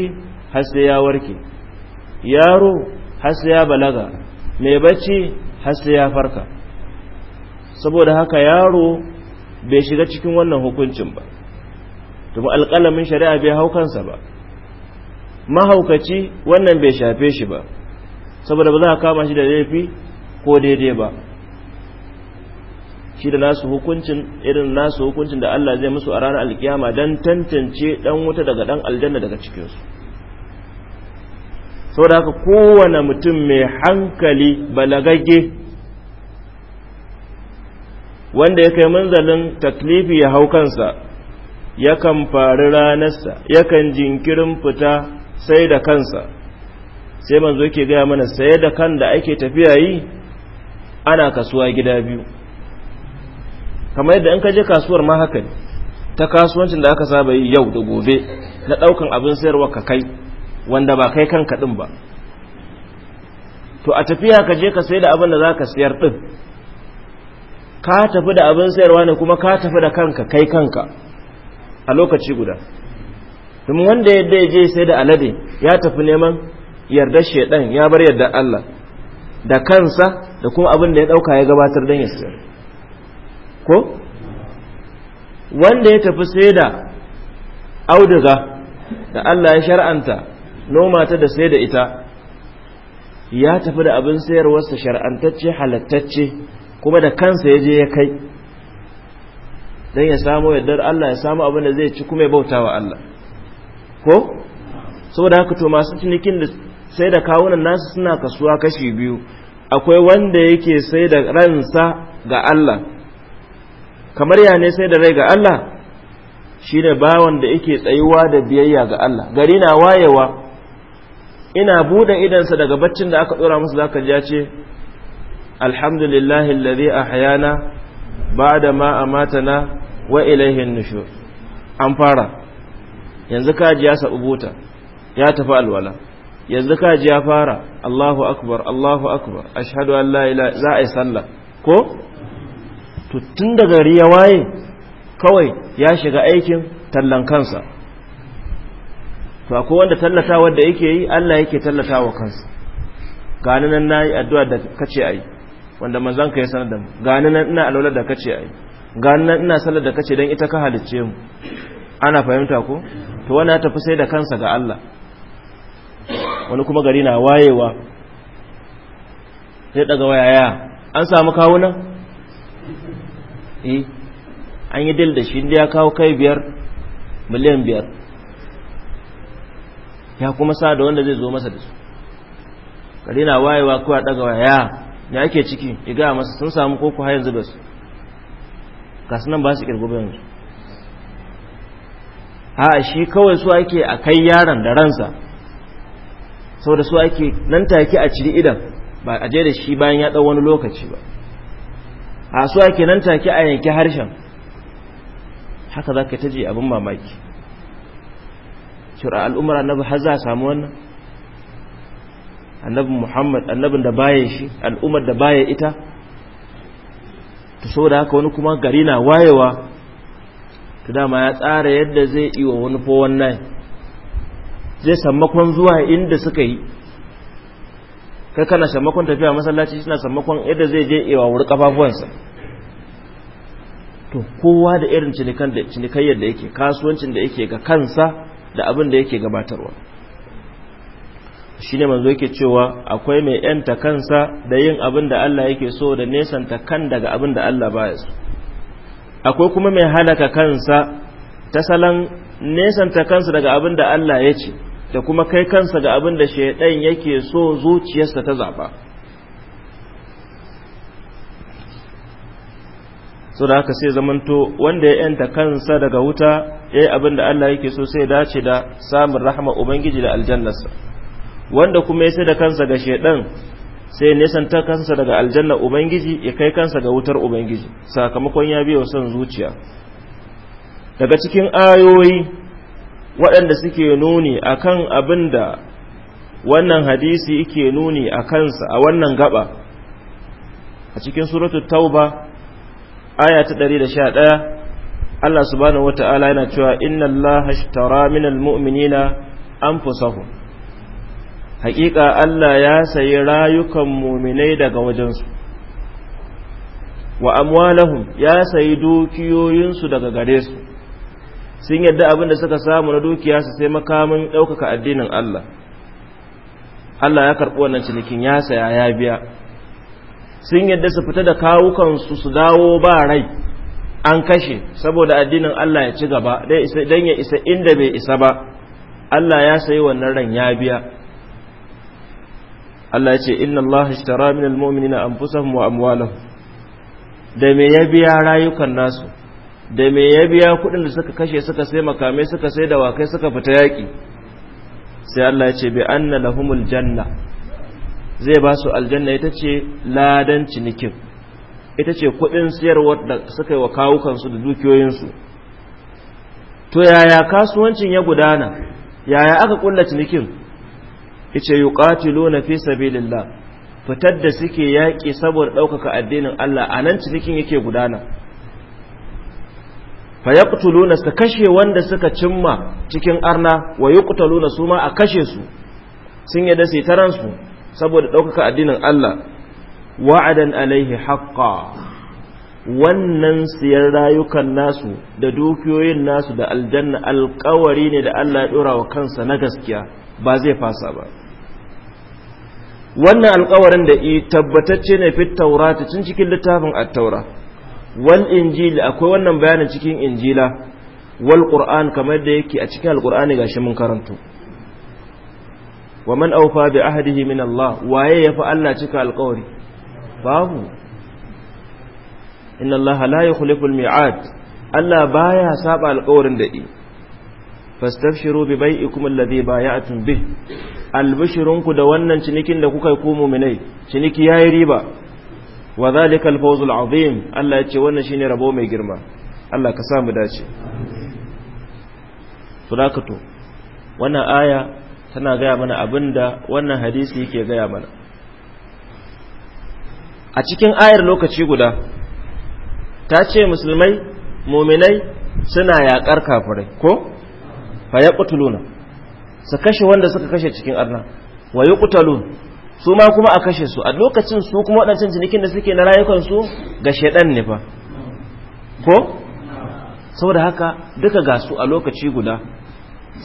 har sai ya warke yaro har ya balaga mai bacci har ya farka saboda haka yaro bai shiga cikin wannan hukuncin ba tuma alƙalamin shari'a bai hau kansa ba mahaukaci wannan bai shafe shi ba saboda ba za a kama shi da laifi ko daidai ba shi da nasu hukuncin irin nasu hukuncin da Allah zai musu a ranar alkiyama don tantance dan wuta daga dan aljanna daga cikinsu saboda haka kowane mutum mai hankali balagagge wanda ya kai manzalin taklifi ya hau kansa yakan fari ranarsa yakan jinkirin fita sai da kansa sai manzo ke gaya mana sai da kan da ake tafiya yi ana kasuwa gida biyu kamar yadda in ka je kasuwar ma haka ta kasuwancin da aka saba yi yau da gobe na daukan abin sayarwa ka kai wanda ba kai kanka din ba to a tafiya ka je ka sai da abin da za ka sayar din ka tafi da abin sayarwa ne kuma ka tafi da kanka kai kanka a lokaci guda domin wanda yadda ya je sai da alade ya tafi neman yarda shaidan ya bar yardar Allah da kansa da kuma abin da ya dauka ya gabatar dan ya sayar ko wanda ya tafi sai da auduga da Allah ya shar'anta noma ta da sai da ita ya tafi da abin sayarwarsa shar'antacce halattacce kuma da kansa ya je ya kai don ya samu yardar Allah ya samu abin da zai ci kuma ya bauta wa Allah ko saboda haka to masu cinikin da sai da kawunan nasu suna kasuwa kashi biyu akwai wanda yake sai da ransa ga Allah kamar ya ne sai da rai ga Allah shi shine bawan da yake tsayuwa da biyayya ga Allah gari na wayewa ina bude idansa daga baccin da aka dora musu zaka ji ya ce alhamdulillahi alladhi ahyana ba'da ma amatana wa ilayhi an-nushur an fara yanzu kaji ya buta. ya tafi alwala yanzu kaji ya fara Allahu akbar Allahu akbar ashhadu an la ilaha za a yi sallah ko tun daga riya waye kawai ya shiga aikin tallan kansa to akwai wanda tallata wanda yake yi Allah yake tallatawa kansa gani nan nayi addu'a da kace ai wanda manzon ka ya sanar da mu gani nan ina alwala da kace ai gani nan ina sallar da kace dan ita ka halicce mu ana fahimta ko to wani ya tafi sai da kansa ga Allah wani kuma gari na wayewa sai daga wayaya an samu nan? eh an yi dil da shi inda ya kawo kai biyar miliyan biyar ya kuma sa da wanda zai zo masa da su kare na wayewa kuwa daga waya ake ciki iga masa sun samu koko hayan har yanzu su kasu nan ba su kirgo ba a shi kawai su ake a kai yaron da ransa sau da su ake nan take a ciri idan ba a je da shi bayan ya ɗau wani lokaci ba a su ake nan take a yanki harshen haka za ka taji abin mamaki shura al'umar annabi har za a samu wannan annabin muhammad annabin da baya shi al'ummar da baya ita ta saboda haka wani kuma gari na wayewa ta dama ya tsara yadda zai yi wa wani fowon nai zai sammakon zuwa inda suka yi kai kana sammakon tafiya masallaci suna sammakon yadda zai je iya wuri kafafuwansa to kowa da irin cinikayyar da yake kasuwancin da yake ga kansa da abin da yake gabatarwa shine manzo yake cewa akwai mai yanta kansa da yin abin da Allah yake so da nesanta kan daga abin da Allah baya so akwai kuma mai halaka kansa ta salon nesanta kansa daga abin da Allah ya ce da kuma kai kansa ga abin da shaidan yake so zuciyarsa ta zaba so da haka sai zamanto wanda ya yanta kansa daga wuta ya yi abin da Allah yake so sai dace da samun rahama ubangiji da aljannarsa wanda kuma ya sai da kansa ga shaidan sai nesanta kansa daga aljanna ubangiji ya kai kansa ga wutar ubangiji sakamakon ya biya son zuciya daga cikin ayoyi waɗanda suke nuni akan abin da wannan hadisi yake nuni a kansa a wannan gaba a cikin suratul tauba aya ta 111 Allah subhanahu wata'ala yana cewa inna Allah ashtara minal mu'minina anfusahum haqiqa Allah ya sayi rayukan mu'minai daga wajensu wa amwalahum ya sayi dukiyoyinsu daga gare su sun yadda abin da suka samu na dukiya su sai makamin ɗaukaka addinin Allah Allah ya karɓi wannan cinikin ya saya ya biya sun yadda su fita da kawukansu su dawo ba rai an kashe saboda addinin Allah ya ci gaba don ya isa inda bai isa ba Allah ya sayi wannan ran ya biya Allah ya ce inna Allah ishtara min almu'minina anfusahum wa amwalahum da me ya biya rayukan nasu da me ya biya kuɗin da suka kashe suka sai makamai suka sai wakai suka fita yaƙi sai Allah ya ce bi anna lahumul janna zai ba su aljanna ita ce ladan cinikin ita ce kudin siyarwar da suka yi wa kawukansu da dukiyoyinsu to yaya kasuwancin ya gudana yaya aka kulla cinikin ice yuqatilu na fi sabilillah fitar da suke yaƙi saboda ɗaukaka addinin Allah a nan cinikin yake gudana fa yaqtuluna su kashe wanda suka cimma cikin arna wa yuqtaluna su ma a kashe su sun yadda sai ransu saboda ɗaukaka addinin Allah wa'adan alaihi haƙƙa wannan siyar rayukan nasu da dukiyoyin nasu da aljanna alƙawari ne da Allah ya ɗora wa kansa na gaskiya ba zai fasa ba wannan alƙawarin da i tabbatacce ne fit taurata cin cikin littafin at-taura wal injili akwai wannan bayanin cikin injila wal qur'an kamar da yake a cikin alqur'ani gashi mun karanto wa man aufa bi ahdihi min Allah waye yafi Allah cika alƙawari babu inna Allah la yukhlifu al-mi'ad Allah baya saba alƙawarin da yi fastabshiru bi bai'ikum alladhi bay'atum bih albishirunku da wannan cinikin da kuka ku mu'minai ciniki yayi riba wa zalika al-fawz al-azim Allah ya ce wannan shine rabo mai girma Allah ka sa dace sadaqatu wannan aya tana gaya mana abin da wannan hadisi yake gaya mana a cikin ayar lokaci guda ta ce musulmai muminai suna yaƙar kafirai ko faya ƙutuluna su kashe wanda suka kashe cikin arna wa yi su ma kuma a kashe su a lokacin su kuma waɗancan cinikin da suke na rayukansu ga shaɗan ne ba ko saboda haka duka gasu a lokaci guda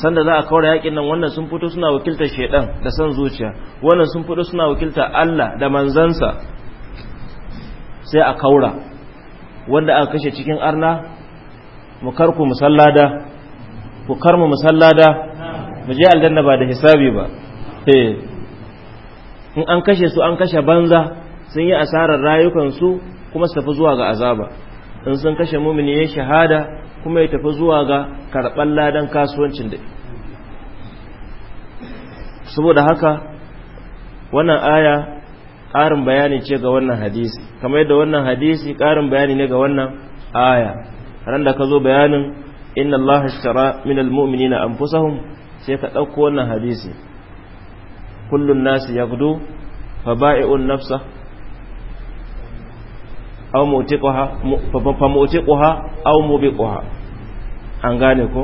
sanda za a kawar yakin nan wannan sun fito suna wakiltar shaidan da san zuciya wannan sun fito suna wakiltar Allah da manzansa sai a kaura wanda aka kashe cikin arna mu karku musallada ku karmu musallada mu je aljanna ba da hisabi ba eh in an kashe su an kashe banza sun yi asarar rayukansu kuma su tafi zuwa ga azaba in sun kashe mumini ya shahada kuma ya tafi zuwa ga karɓar ladan kasuwancin da saboda haka wannan aya ƙarin bayani ce ga wannan hadisi kamar yadda wannan hadisi ƙarin bayani ne ga wannan aya ran da ka zo bayanin inna allaha shara min na anfusahum sai ka ɗauko wannan hadisi kullun nasi gudu, fa ba'i'un nafsa. aw mutiquha aw mubiquha an gane ko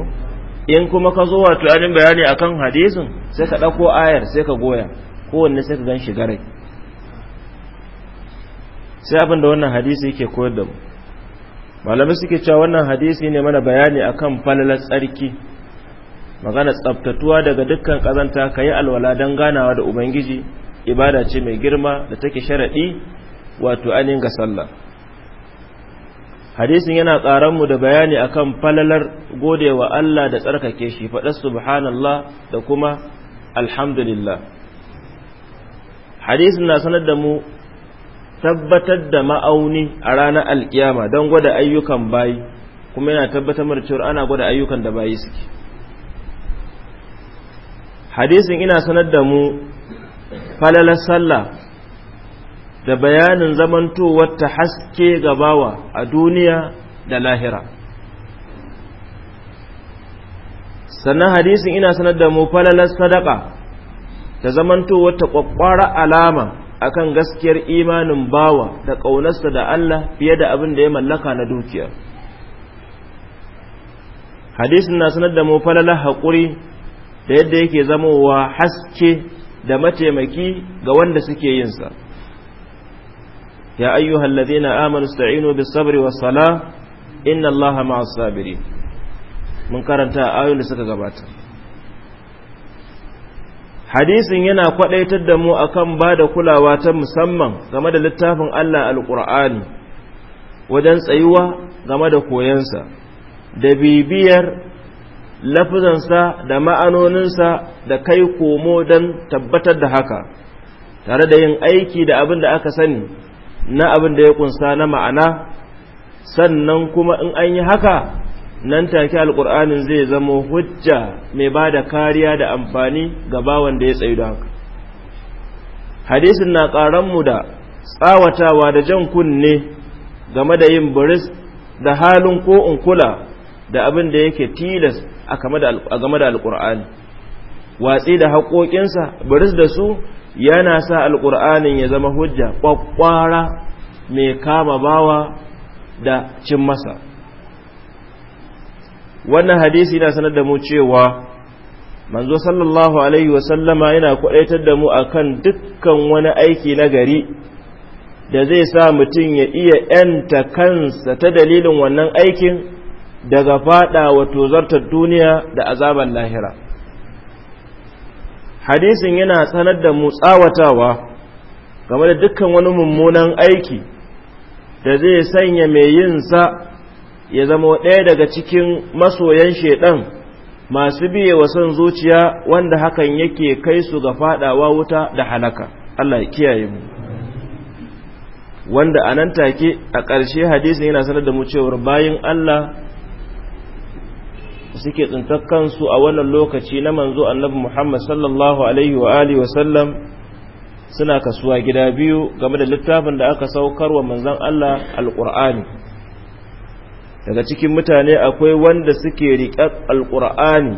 in kuma ka zo wato yanin bayani akan hadisin sai ka dauko ayar sai ka goya Ko wanne sai ka gan shi garai sai abin da wannan hadisi yake koyar da mu malamai suke cewa wannan hadisi ne mana bayani akan falalar tsarki magana tsaftatuwa daga dukkan kazanta ka alwala dan ganawa da ubangiji ibada ce mai girma da take sharaɗi wato anin ga sallah hadisin yana karan mu da bayani akan falalar godewa Allah da tsarkake shi faɗar subhanallah da kuma alhamdulillah hadisin na sanar da mu tabbatar da ma'auni a ranar alkiyama don gwada ayyukan bayi kuma yana tabbatar mara cewa ana gwada ayyukan da bayi suke hadisin ina sanar da mu falalar sallah da bayanin zamantowar ta haske gabawa a duniya da lahira sannan hadisin ina sanar da mu falalar sadaka da zamantowar ta kwakwara alama akan gaskiyar imanin bawa da ƙaunarsa da Allah fiye da abin da ya mallaka na dukiya hadisin na sanar da mufalalar haƙuri da yadda yake zamowa haske da mataimaki ga wanda suke yinsa. sa يا أيها الذين آمنوا استعينوا بالصبر والصلاة إن الله مع الصابرين من قرنتا آية لسكة قباتا hadisin yana kwadaitar da mu akan ba da kulawa ta musamman game da littafin Allah alƙur'ani wajen tsayuwa game da koyonsa, da bibiyar lafizansa da ma'anoninsa da kai komo don tabbatar da haka tare da yin aiki da abin da aka sani na abin da ya kunsa na ma'ana sannan kuma in an yi haka nan take alkur'anin zai zama hujja mai ba da kariya da amfani ga bawan da ya tsayu da haka hadisin na ƙaranmu da tsawatawa da jan kunne game da yin biris da halin ko in kula da abin da yake tilas a game da alkur'ani watsi da haƙoƙinsa biris da su yana sa alƙur'anin ya zama hujja ƙwaƙwara mai kama bawa da cin masa wannan hadisi yana sanar da mu cewa manzo sallallahu alaihi wasallama yana kwaɗaitar da mu akan dukkan wani aiki na gari da zai sa mutum ya iya ‘yanta kansa ta dalilin wannan aikin daga fada wa tozartar duniya da azaban lahira. hadisin yana sanar da mutsawatawa game da dukkan wani mummunan aiki da zai sanya mai yin sa ya zama ɗaya daga cikin masoyan shaidan, masu biye wa son zuciya wanda hakan yake kai su ga fadawa wuta da halaka Allah ya kiyaye mu wanda a nan take a ƙarshe hadisin yana sanar da mu cewar bayin Allah suke tsintar kansu a wannan lokaci na manzo annabi Muhammad sallallahu alaihi wa alihi wa suna kasuwa gida biyu game da littafin da aka saukar wa manzon Allah alqur'ani daga cikin mutane akwai wanda suke riƙar alqur'ani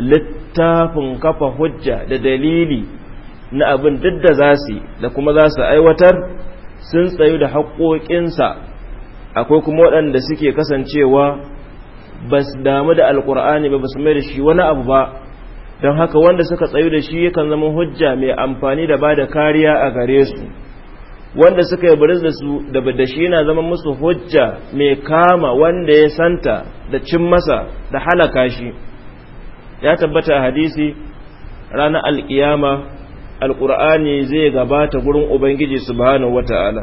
littafin kafa hujja da dalili na abin duk da za da kuma zasu aiwatar sun tsayu da haƙoƙinsa akwai kuma waɗanda suke kasancewa ba damu da alkur'ani ba ba su mai da shi wani abu ba don haka wanda suka tsayu da shi yakan zama hujja mai amfani da bada kariya a gare su wanda suka yi baris da su da shi yana zama musu hujja mai kama wanda ya santa da cin masa da halaka shi ya tabbata a hadisi ranar alkiyama alkur'ani zai gabata gurin ubangiji subhanahu wata'ala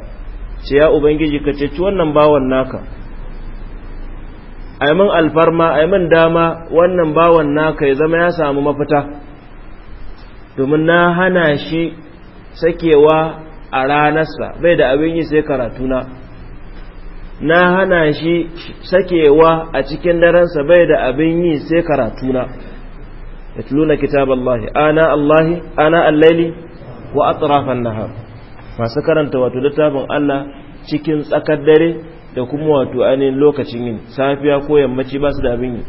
ce ya ubangiji ka ceci wannan bawan naka aiman alfarma aiman dama wannan bawan naka ya zama ya samu mafita domin na hana shi sakewa a ranarsa bai da abin yi sai karatuna na hana shi sakewa a cikin daransa bai da abin yi sai karatuna kitab kitaballahi ana allahi ana allaili wa atrafan nahar masu karanta wato littafin Allah cikin tsakar dare da kuma wato ainihin lokacin yin safiya ko yammaci ba su da abin yi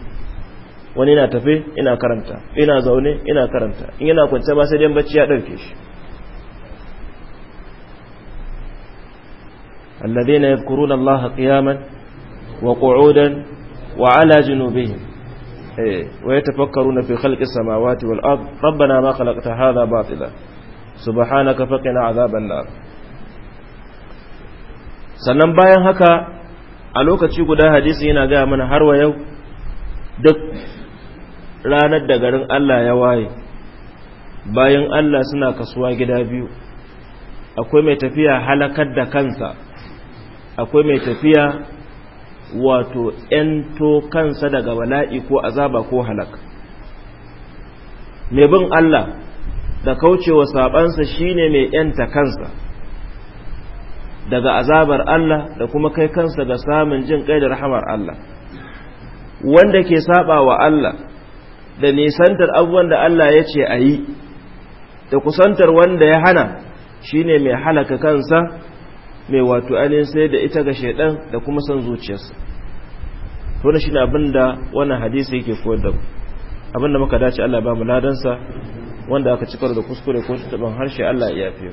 wani na tafe ina karanta ina zaune ina karanta in yana kwance ba sai dai bacci ya ɗauke shi alladhina yadhkuruna allaha qiyaman wa qu'udan wa 'ala junubihim eh, wa na fi khalqis samawati wal ard rabbana ma khalaqta hadha batila subhanaka faqina 'adhaban nar sannan bayan haka a lokaci guda hadisi yana gaya mana har wa yau duk ranar da garin Allah ya waye bayan Allah suna kasuwa gida biyu akwai mai tafiya halakar da kansa akwai mai tafiya wato 'yantokansa kansa daga bala'i ko azaba ko halaka mai bin Allah da kaucewa sabansa shine mai ‘yanta kansa daga azabar Allah da kuma kai kansa ga samun jin kai da rahamar Allah wanda ke saba wa Allah da nisantar abubuwan da Allah ya ce a yi da kusantar wanda ya hana shine mai halaka kansa mai wato ainihin sai da ita ga shaidan da kuma son zuciyarsa tona shi ne abin da wannan hadisi yake koyar da abin da muka dace Allah ba mu ladansa wanda aka cikar da kuskure ko taban harshe Allah ya fiye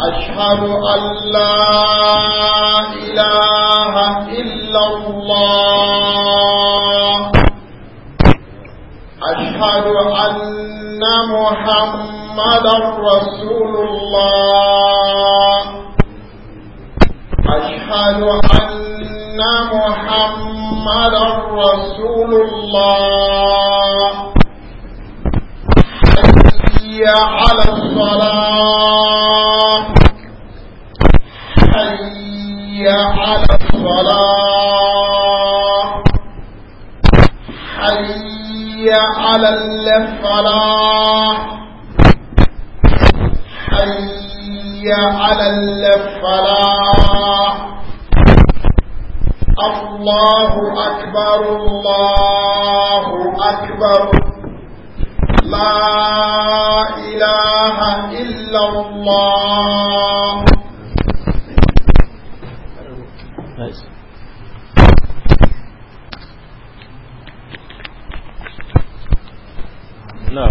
أشهد أن لا إله إلا الله أشهد أن محمدا رسول الله أشهد أن محمدا رسول الله حي على الصلاة حي على الصلاة حي على الصلاة حي على الصلاة الله أكبر الله أكبر لا إله إلا الله Thanks. No.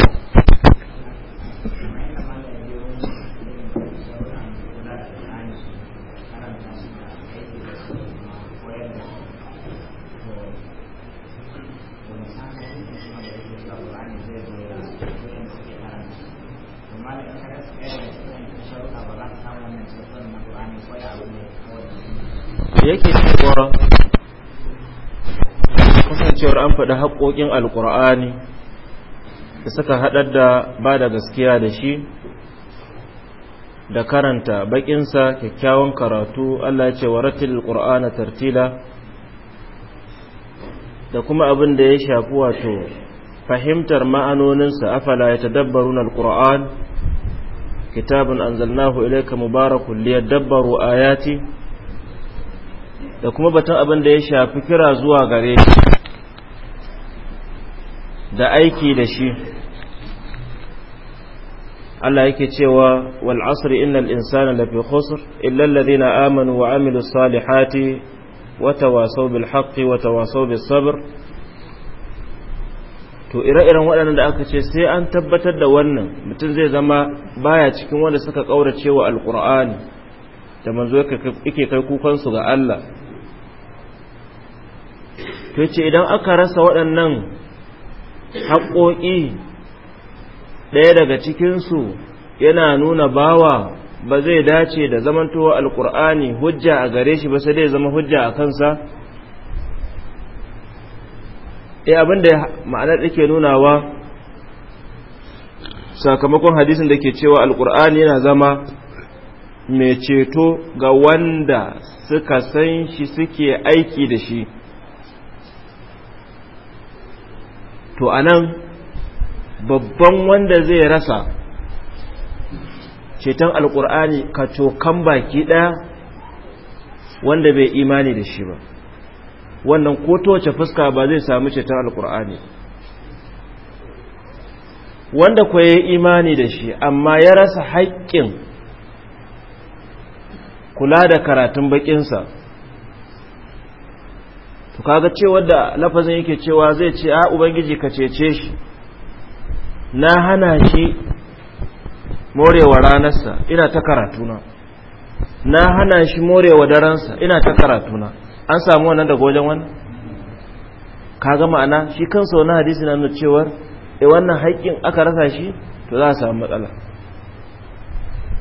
an faɗi haƙoƙin alƙur'ani da suka haɗar da ba da gaskiya da shi da karanta baƙinsa kyakkyawan karatu Allah ce wa ratil ƙur'ana tartila da kuma abin da ya shafi wato fahimtar ma'anoninsa afala ya na alƙur'an kitabun anzalnahu ilayka mubarakun liyadabbaru ayati da kuma batun abin da ya shafi kira zuwa gare shi da aiki da shi Allah yake cewa wal asri innal insana lafi khusr illa alladhina amanu wa amilu salihati wa tawasaw bil haqqi wa tawasaw bis sabr to ire-iren waɗannan da aka ce sai an tabbatar da wannan mutum zai zama baya cikin wanda suka kaurace wa alqur'ani da manzo yake kai kukan su ga Allah to yace idan aka rasa waɗannan haƙoƙi ɗaya daga cikinsu yana nuna bawa ba zai dace da zamantowa alƙur'ani hujja a gare shi ba sai dai zama hujja a kansa e eh, abinda ma'anar da ke nunawa sakamakon hadisin da ke cewa alkur'ani yana zama mai ceto ga wanda suka san shi suke aiki da shi to anan babban wanda zai rasa ceton alkur'ani ka tokan baki ɗaya wanda bai imani da shi ba wannan ko fuska ba zai samu ceton alkur'ani wanda kwaye imani da shi amma ya rasa haƙƙin kula da karatun baƙinsa to kaga cewar da lafazin yake cewa zai ce a ah, ubangiji ka cece shi na hana shi morewa ranarsa ina ta karatuna na hana shi morewa daransa ina ta karatuna an samu wannan daga wajen wannan kaga ma'ana shi kansa wannan hadisi na nuna cewar e wannan haƙƙin aka rasa shi to za a samu matsala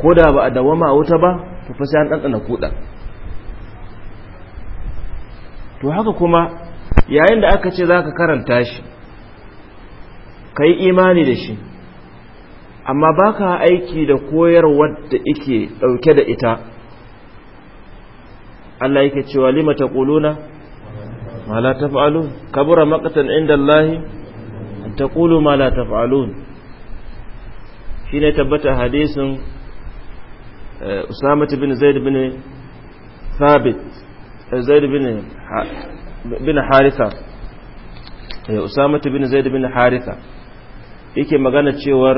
ko da ba a dawama wuta ba to fa sai an ɗanɗana kuɗa to haka kuma yayin da aka ce za ka karanta shi ka yi imani da shi amma ba ka aiki da koyarwar da ike ɗauke da ita Allah yake cewa lima ta ƙuluna ma la ta fa'alun kabura makatan inda Allahi ta ƙulu ma la ta fa'alun shi ne tabbata hadisin eh, usamatu bin zaid bin thabit zaid bin bin haritha eh, usama bin zaid bin yake magana cewar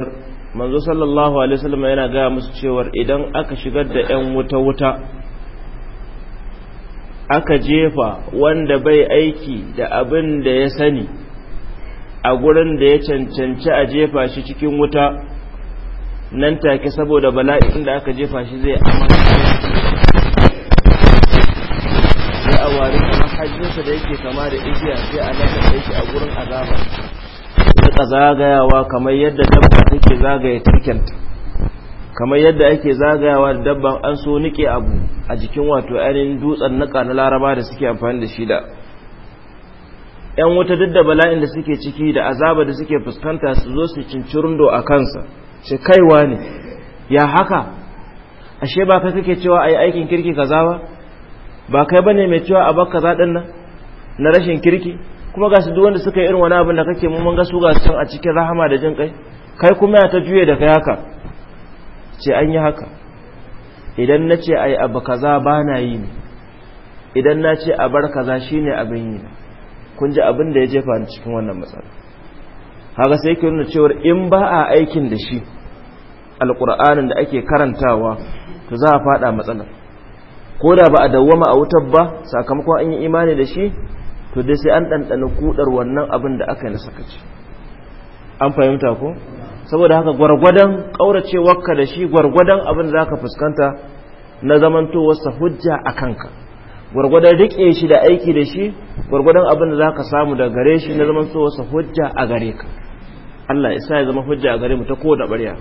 manzo sallallahu alaihi wasallam yana gaya musu cewar idan aka shigar da yan wuta wuta aka jefa wanda bai aiki da abin da ya sani a gurin da ya cancanci a jefa shi cikin wuta nan take saboda bala'in da aka jefa shi zai amana ajinsa da yake kama da igiya sai a nasa da yake a gurin azaba rika zagayawa kamar yadda dabba take zagaya tirkenta kamar yadda ake zagayawa da dabba an so nike abu a jikin wato ainihin dutsen nika na laraba da suke amfani da shi da ‘yan wuta duk da bala'in da suke ciki da azaba da suke fuskanta su zo su cincirundo a kansa ce kaiwa ne ya haka ashe ba ka kake cewa a yi aikin kirki kaza ba ba kai bane mai cewa a baka zaɗin nan na rashin kirki kuma ga su duk wanda suka yi irin wani abin da kake mun ga su ga su a cikin rahama da jin kai kai kuma ya ta juye da kai haka ce an yi haka idan na ce a yi abu kaza ba na yi ne idan na ce a bar kaza shi ne abin yi ne kun ji abin da ya jefa ni cikin wannan matsala haka sai ke nuna cewar in ba a aikin da shi alƙur'anin da ake karantawa to za a faɗa matsalar ko da ba a dawwama a wutar ba sakamakon an yi imani da shi to dai sai an ɗanɗana kudar wannan abin da aka yi na sakaci an fahimta ko saboda haka gwargwadon ƙauracewarka da shi gwargwadon abin za ka fuskanta na zamantowarsa hujja a kanka gwargwadon riƙe shi da aiki da shi gwargwadon abin da za ka samu da gare shi na zamantowarsa hujja a gare ka Allah ya ya zama hujja a gare mu ta ko da ɓarya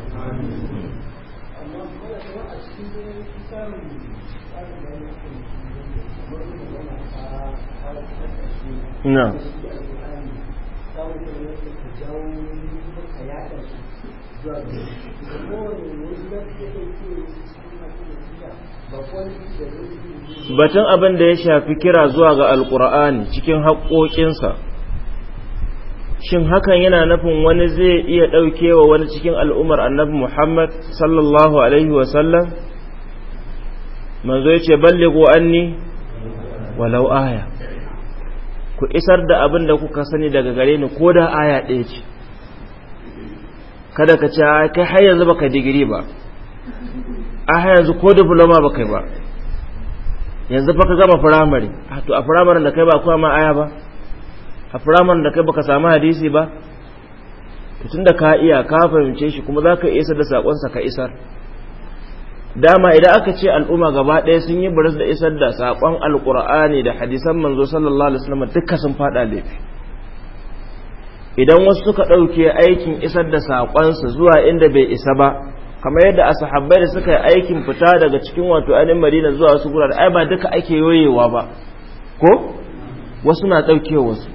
batun abin da ya shafi kira zuwa ga alkur'ani cikin haƙoƙinsa shin hakan yana nufin wani zai iya ɗaukewa wani cikin al'ummar annabi muhammad sallallahu alaihi wasallam manzo yace ballighu anni walau aya ku isar da abin da kuka sani daga gare ni ko da aya ɗaya ce kada ka ce kai har yanzu baka digiri ba a har yanzu ko diploma baka yi ba yanzu fa ka gama firamare a to a firamaren da kai ba kuwa ma aya ba a firamaren da kai baka samu hadisi ba tun tunda ka iya ka fahimce shi kuma za ka isar da sa ka isar dama idan aka ce al'umma gaba ɗaya sun yi baris da isar da saƙon alƙur'ani da hadisan manzo sallallahu alaihi wasallam duka sun faɗa laifi idan wasu suka ɗauke aikin isar da saƙonsa zuwa inda bai isa ba kamar yadda a da suka yi aikin fita daga cikin wato ainihin madina zuwa wasu gurare ai ba duka ake yoyewa ba ko wasu na ɗauke wasu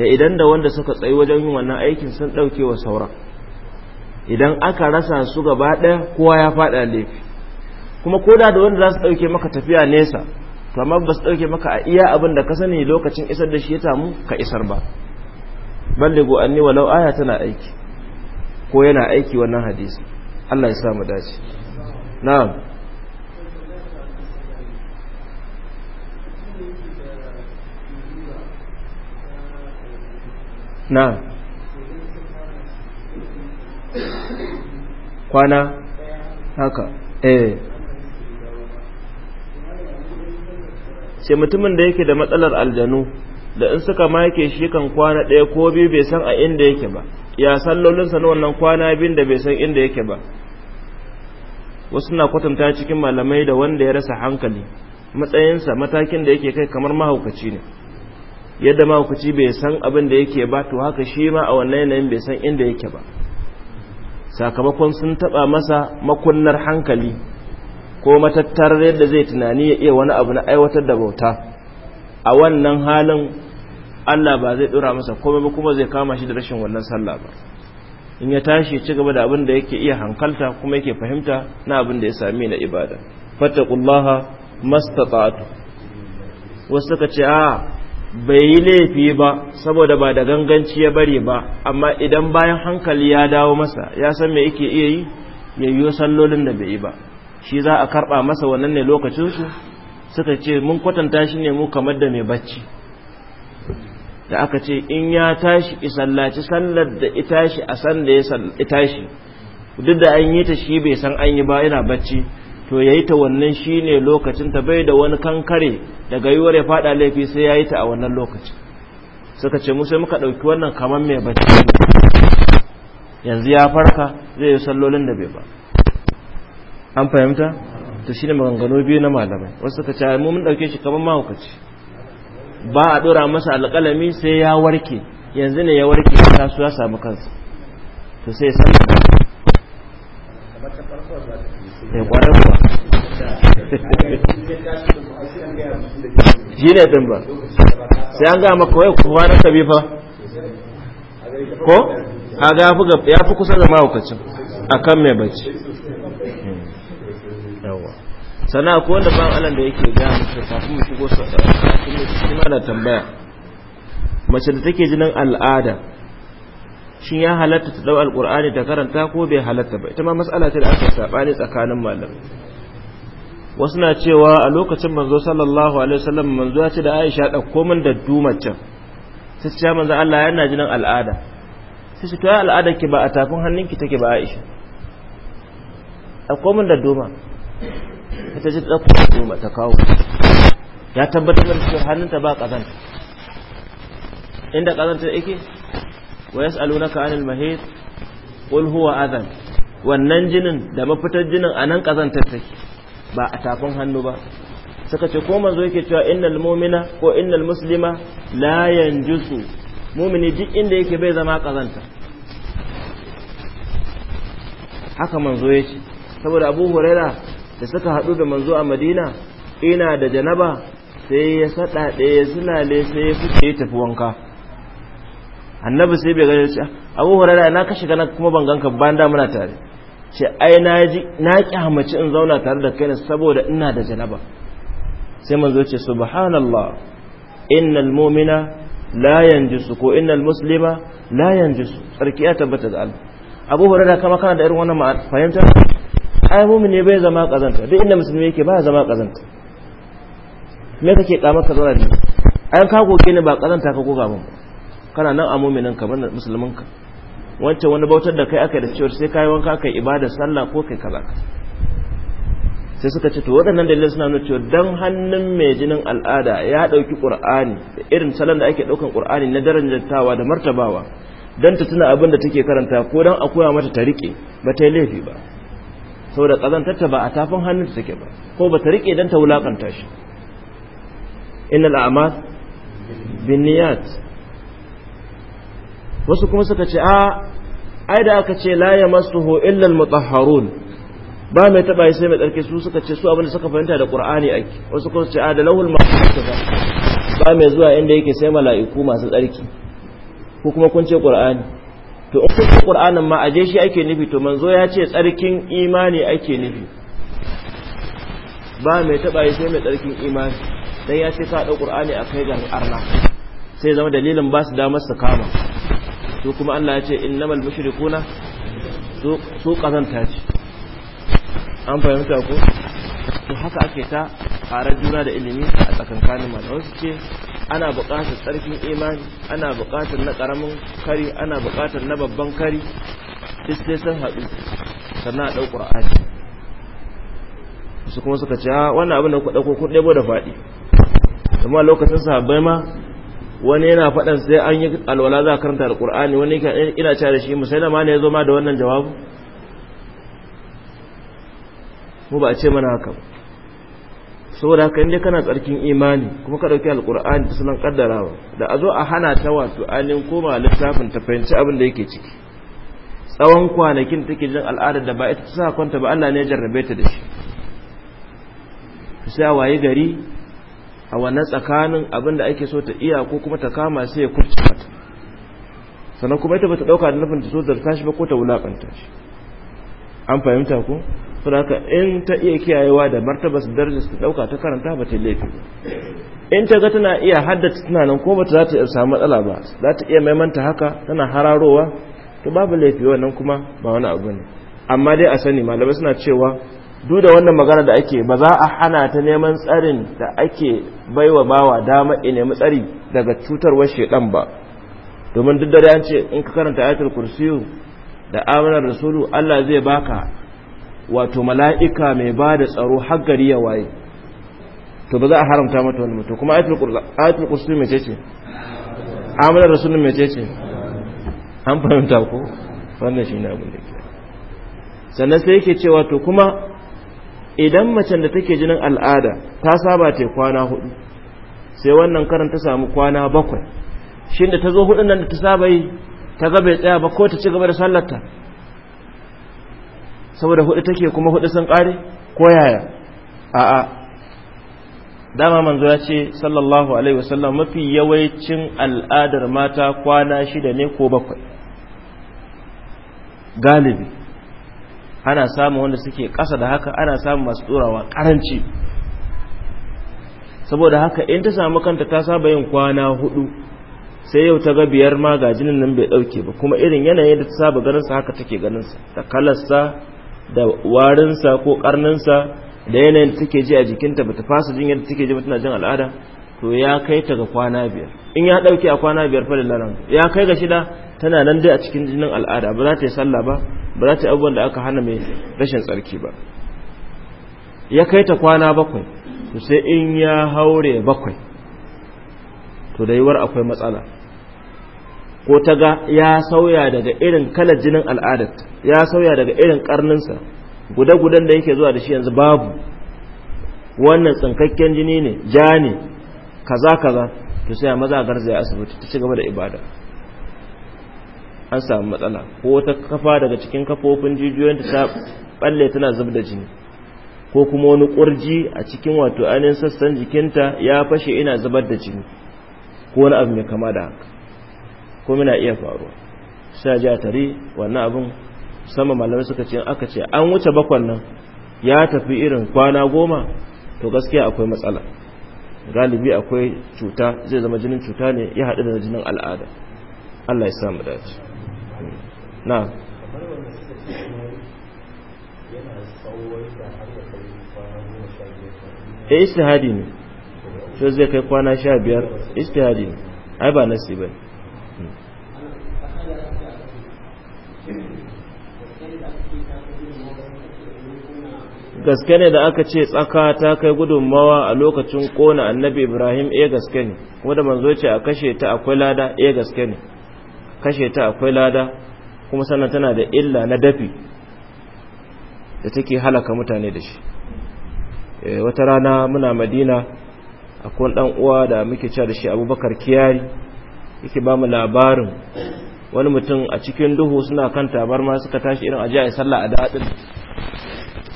eh, idan da wanda suka tsayi wajen yin wannan aikin sun ɗauke wa saura idan aka rasa su gaba ɗaya kowa ya faɗa laifi kuma koda da da wanda za su ɗauke maka tafiya nesa to amma ba su ɗauke maka a iya abin da ka sani lokacin isar da shi ya tamu ka isar ba go anni walau aya tana aiki ko yana aiki wannan hadisi Allah ya sa mu dace na'am na'am kwana haka eh sai mutumin da yake da matsalar aljanu da in suka make shi kan kwana ɗaya ko biyu bai san a inda yake ba ya sallolinsa na wannan kwana biyun da bai san inda yake ba wasu na kwatanta cikin malamai da wanda ya rasa hankali matsayinsa matakin da yake kai kamar mahaukaci ne yadda mahaukaci bai san abin da yake ba to haka shi ma a wannan yanayin bai san inda yake ba sakamakon sun taɓa masa makunnar hankali ko matattarar yadda zai tunani ya iya wani abu na aiwatar da bauta a wannan halin Allah ba zai dora masa komai kuma zai kama shi da rashin wannan sallah ba in ya tashi ci gaba da abin da yake iya hankalta kuma yake fahimta na abin da ya sami na ibada fattaqullaha mastata'tu wasu suka ce a bai yi laifi ba saboda ba da ganganci ya bari ba amma idan bayan hankali ya dawo masa ya san me yake iya yi yayyo sallolin da bai yi ba shi za a karba masa wannan ne lokacinsu suka ce mun kwatanta shi ne mu kamar da mai bacci da aka ce in ya tashi isallaci sallar da ita shi a san da ya tashi duk da an yi ta shi bai san an yi ba yana bacci to ya yi ta wannan shi ne lokacin ta bai da wani kankare daga yiwuwar ya fada laifi sai ya yi ta a wannan lokacin suka ce mu sai muka ɗauki wannan kamar mai bacci yanzu ya farka zai yi sallolin da bai ba an fahimta to ne maganganu biyu na malamai wasu suka ce mu mun dauke shi kaman mahaukaci ba a dora masa alƙalami sai ya warke yanzu ne ya warke ya taso ya samu kansa to sai san ya eh, kwarar ba shi ne din ba sai an gama kawai kuwa na kabi fa ko a ga ya fi kusa da mahaukacin akan mai bacci yawa sana ko wanda ba alan da yake ga mutum kafin mu shigo kafin mu shigo na tambaya mace da take jinin al'ada shin ya halatta ta dau alqur'ani ta karanta ko bai halatta ba ita ma mas'ala ce da aka sabani tsakanin malamai wasu na cewa a lokacin manzo sallallahu alaihi wasallam manzo ya ce da Aisha da min da dumacin sai ce manzo Allah yana jinin al'ada sai ce to al'adar ki ba a tafin hannunki take ba Aisha dauko min da duma ta ji ɗauko goma ta kawo ya tabbatar da cewa hannunta ba kazanta inda ƙazanta yake wa yas'alunaka anil mahid qul huwa adhan wannan jinin da mafitar jinin anan ta take ba a tafin hannu ba saka ce ko manzo yake cewa innal mu'mina ko innal muslima la yanjusu mu'mini duk inda yake bai zama kazanta haka manzo yace saboda Abu Huraira da suka haɗu da manzo a madina ina da janaba sai ya saɗa ɗaya suna ne sai ya fice ya tafi wanka annabi sai bai gani ce abu hurara na kashe gana kuma ban ganka bayan da muna tare ce ai na ji na kyamaci in zauna tare da kaina saboda ina da janaba sai manzo ce subhanallah innal mu'mina la yanjisu ko innal muslima la yanjisu tsarki ya tabbata da Allah abu hurara kama kana da irin wannan fahimta ai ne bai zama kazanta duk inda musulmi yake ba zama kazanta me kake kamar ka zauna ne ai ka goke ne ba kazanta ka goga mun kana nan a muminin ka bana musulmin ka wacce wani bautar da kai aka da cewa sai kai wanka kai ibada sallah ko kai kaza sai suka ce to waɗannan dalilai suna nuna cewa dan hannun mai jinin al'ada ya dauki qur'ani irin salan da ake daukan qur'ani na darajantawa da martabawa dan ta tuna abin da take karanta ko dan a koya mata ta rike ba ta yi laifi ba saboda kazantarta ba a tafin da take ba ko ba ta rike dan ta wulakanta shi innal bin binniyat wasu kuma suka ce a ai da aka ce masu ho illa matsaharun. ba mai taba sai mai tsarki su suka ce su abin da suka fahimta da qur'ani ake wasu kuma su ce a da lahul mahfuz ba mai zuwa inda yake sai mala'iku masu tsarki ko kuma kun ce qur'ani to ofishin qur'anin ma aje shi ake nufi to manzo ya ce tsarkin imani ake nufi ba mai taba yi sai mai tsarkin imani dan ya ce ka da qur'ani akai ga arna sai zama dalilin ba su damar su kama to kuma Allah ya ce innamal kuna su kazanta ce an fahimta ko to haka ake ta ƙarar juna da ilimi a tsakankanin malamai su ce ana buƙatar tsarkin imani ana buƙatar na ƙaramin kari ana buƙatar na babban kari iske sun haɗu sannan a ɗau ƙur'ani su kuma suka ce ha ah, wannan abin da ku ɗauko kun ɗebo da faɗi amma lokacin sahabbai ma wani yana faɗan sai an yi alwala za a karanta alƙur'ani wani eh, ina cewa da shi ma ne ya zo ma da wannan jawabu mu ba a ce mana haka ba saboda haka inda kana tsarkin imani kuma ka ɗauki alkur'ani da sunan kaddarawa da a zo a hana ta wato ainihin koma littafin ta fahimci abin da yake ciki tsawon kwanakin take jin al'adar da ba ita ta sa kwanta ba Allah ne ya jarrabe ta da shi sai a waye gari a wannan tsakanin abin da ake so ta iya ko kuma ta kama sai ya kurce mata sannan kuma ita ba ta dauka da nufin ta so ta tashi ba ko ta wulakanta shi an fahimta ko saboda in ta iya kiyayewa da martabar su darajar su dauka ta karanta ba ta laifi in ta ga tana iya haddace tunanin ko ba ta za ta samu matsala ba za ta iya maimanta haka tana hararowa to babu laifi wannan kuma ba wani abu ne amma dai a sani malamai suna cewa duk da wannan magana da ake ba za a hana ta neman tsarin da ake baiwa bawa dama in nemi tsari daga cutarwar shedan ba domin duk dare an ce in ka karanta ayatul kursiyu da amanar rasulu Allah zai baka wato mala'ika mai ba da tsaro har gari ya waye to ba za a haramta mata wani mutum kuma ayatul kusurin mai ce amurar rasulun mai ce an fahimta ko wannan shi na abin da ke sannan sai yake cewa to kuma idan macen da take jinin al'ada ta saba ta kwana hudu sai wannan karanta ta samu kwana bakwai shi da ta zo hudun nan da ta saba yi ta gaba ya tsaya ba ko ta ci gaba da sallarta saboda hudu take kuma hudu sun kare ko yaya a'a dama manzo ya ce sallallahu alaihi wasallam mafi yawancin al'adar mata kwana shida ne ko bakwai galibi ana samun wanda suke kasa da haka ana samun masu turawa karanci saboda haka in ta samu kanta ta saba yin kwana hudu sai yau ta ga biyar ma gajinin nan bai dauke ba kuma irin yanayin da ta saba ganin sa haka take ganin sa da kalarsa da warinsa ko karninsa da yanayin da take ji a jikinta bata fasa jin yadda take ji ba tana jin al'ada to ya kai ta ga kwana biyar in ya dauke a kwana biyar fa lillahi ya kai ga shida tana nan dai a cikin jinin al'ada ba za ta yi sallah ba ba za ta yi abubuwan da aka hana mai rashin tsarki ba ya kai ta kwana bakwai to sai in ya haure bakwai to da yiwuwar akwai matsala ko ta ga ya sauya daga irin kalar jinin al'adar ya sauya daga irin karninsa gudagudan da yake zuwa da shi yanzu babu wannan tsinkakken jini ne ja ne kaza-kaza to sai a maza garzaya asibiti ta ci gaba da ibada an samu matsala ko ta kafa daga cikin kafofin jijiyoyin ta balle tana zub da jini ko kuma wani kurji a cikin wato ainihin sassan jikinta ya fashe ina zubar da jini ko wani abu mai kama da haka kuma na iya faruwa sai ji a tare wannan abin sama malamai suka ce aka ce an wuce bakwan nan ya tafi irin kwana goma to gaskiya akwai matsala galibi akwai cuta zai zama jinin cuta ne ya haɗu da jinin al'ada Allah ya samu dace na e eh, istihadi ne to zai kai kwana sha biyar istihadi ne ai ba nasi ba ne gaske ne da aka ce tsaka ta kai gudunmawa a lokacin kona annabi ibrahim e gaske ne kuma da manzo ce a kashe ta akwai lada e gaske ne kashe ta akwai lada kuma sannan tana da illa na dafi da take halaka mutane da shi eh, wata rana muna madina akwai dan uwa da muke cewa da shi abubakar kiyari yake ba mu labarin wani mutum a cikin duhu suna kan tabarma suka tashi irin aje a sallah a dadin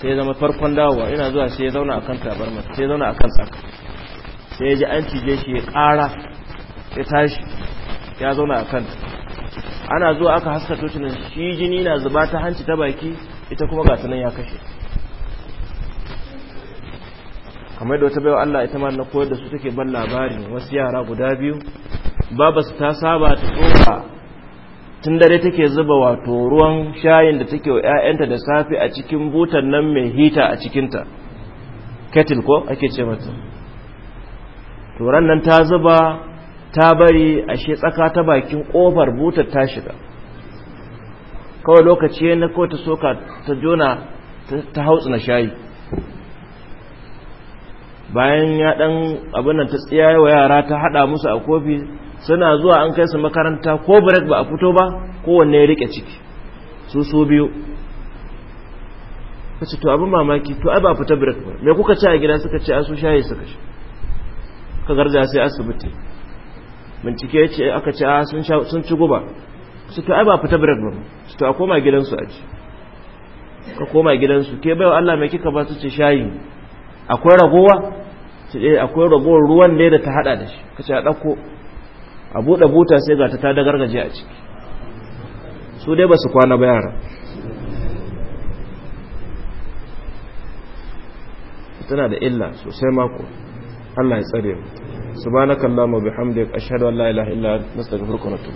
sai ya zama farkon dawowa yana zuwa sai ya zauna a kan tabarma sai ya zauna a kan tsaka sai ya ji an cije shi ya ƙara ya tashi ya zauna a kan. ana zuwa aka haska tutunan shi jini na zuba ta hanci ta baki ita kuma ga sanan ya kashe kamar da wata baiwa Allah ita ma na koyar da su take ban labarin wasu yara guda biyu babasu ta saba ta tsoka tun dare take zuba wato ruwan shayin da take wa 'ya'yanta da safe a cikin butan nan mai hita a cikinta ketil ko ake ce mata turan nan ta zuba ta bari ashe tsaka ta bakin kofar butar ta shiga kawai lokaci na kawai ta soka ta jona ta hautsina shayi bayan ya dan abin nan ta tsiyaye wa yara ta hada musu a kofi suna zuwa an kai su makaranta ko break ba a fito ba kowanne ya rike ciki su su biyu kace to abin mamaki to ai ba a fita break ba me kuka ci a gida suka ce su shaye suka shi ka garza sai asibiti bincike ya ce aka ci a ah, sun ci guba su to ai ba a fita break ba su to a koma gidansu a ci ka koma gidansu ke bai wa Allah mai kika ba su ce shayi akwai ragowa ta eh akwai ragowar ruwan ne da ta hada da shi kace a dauko a bude buta sai ga ta ta dagargaje a ciki su dai ba su kwana ba yara tana da illa sosai mako Allah ya tsare mu subhanakallahumma bihamdika ashhadu an la ilaha illa anta astaghfiruka wa atubu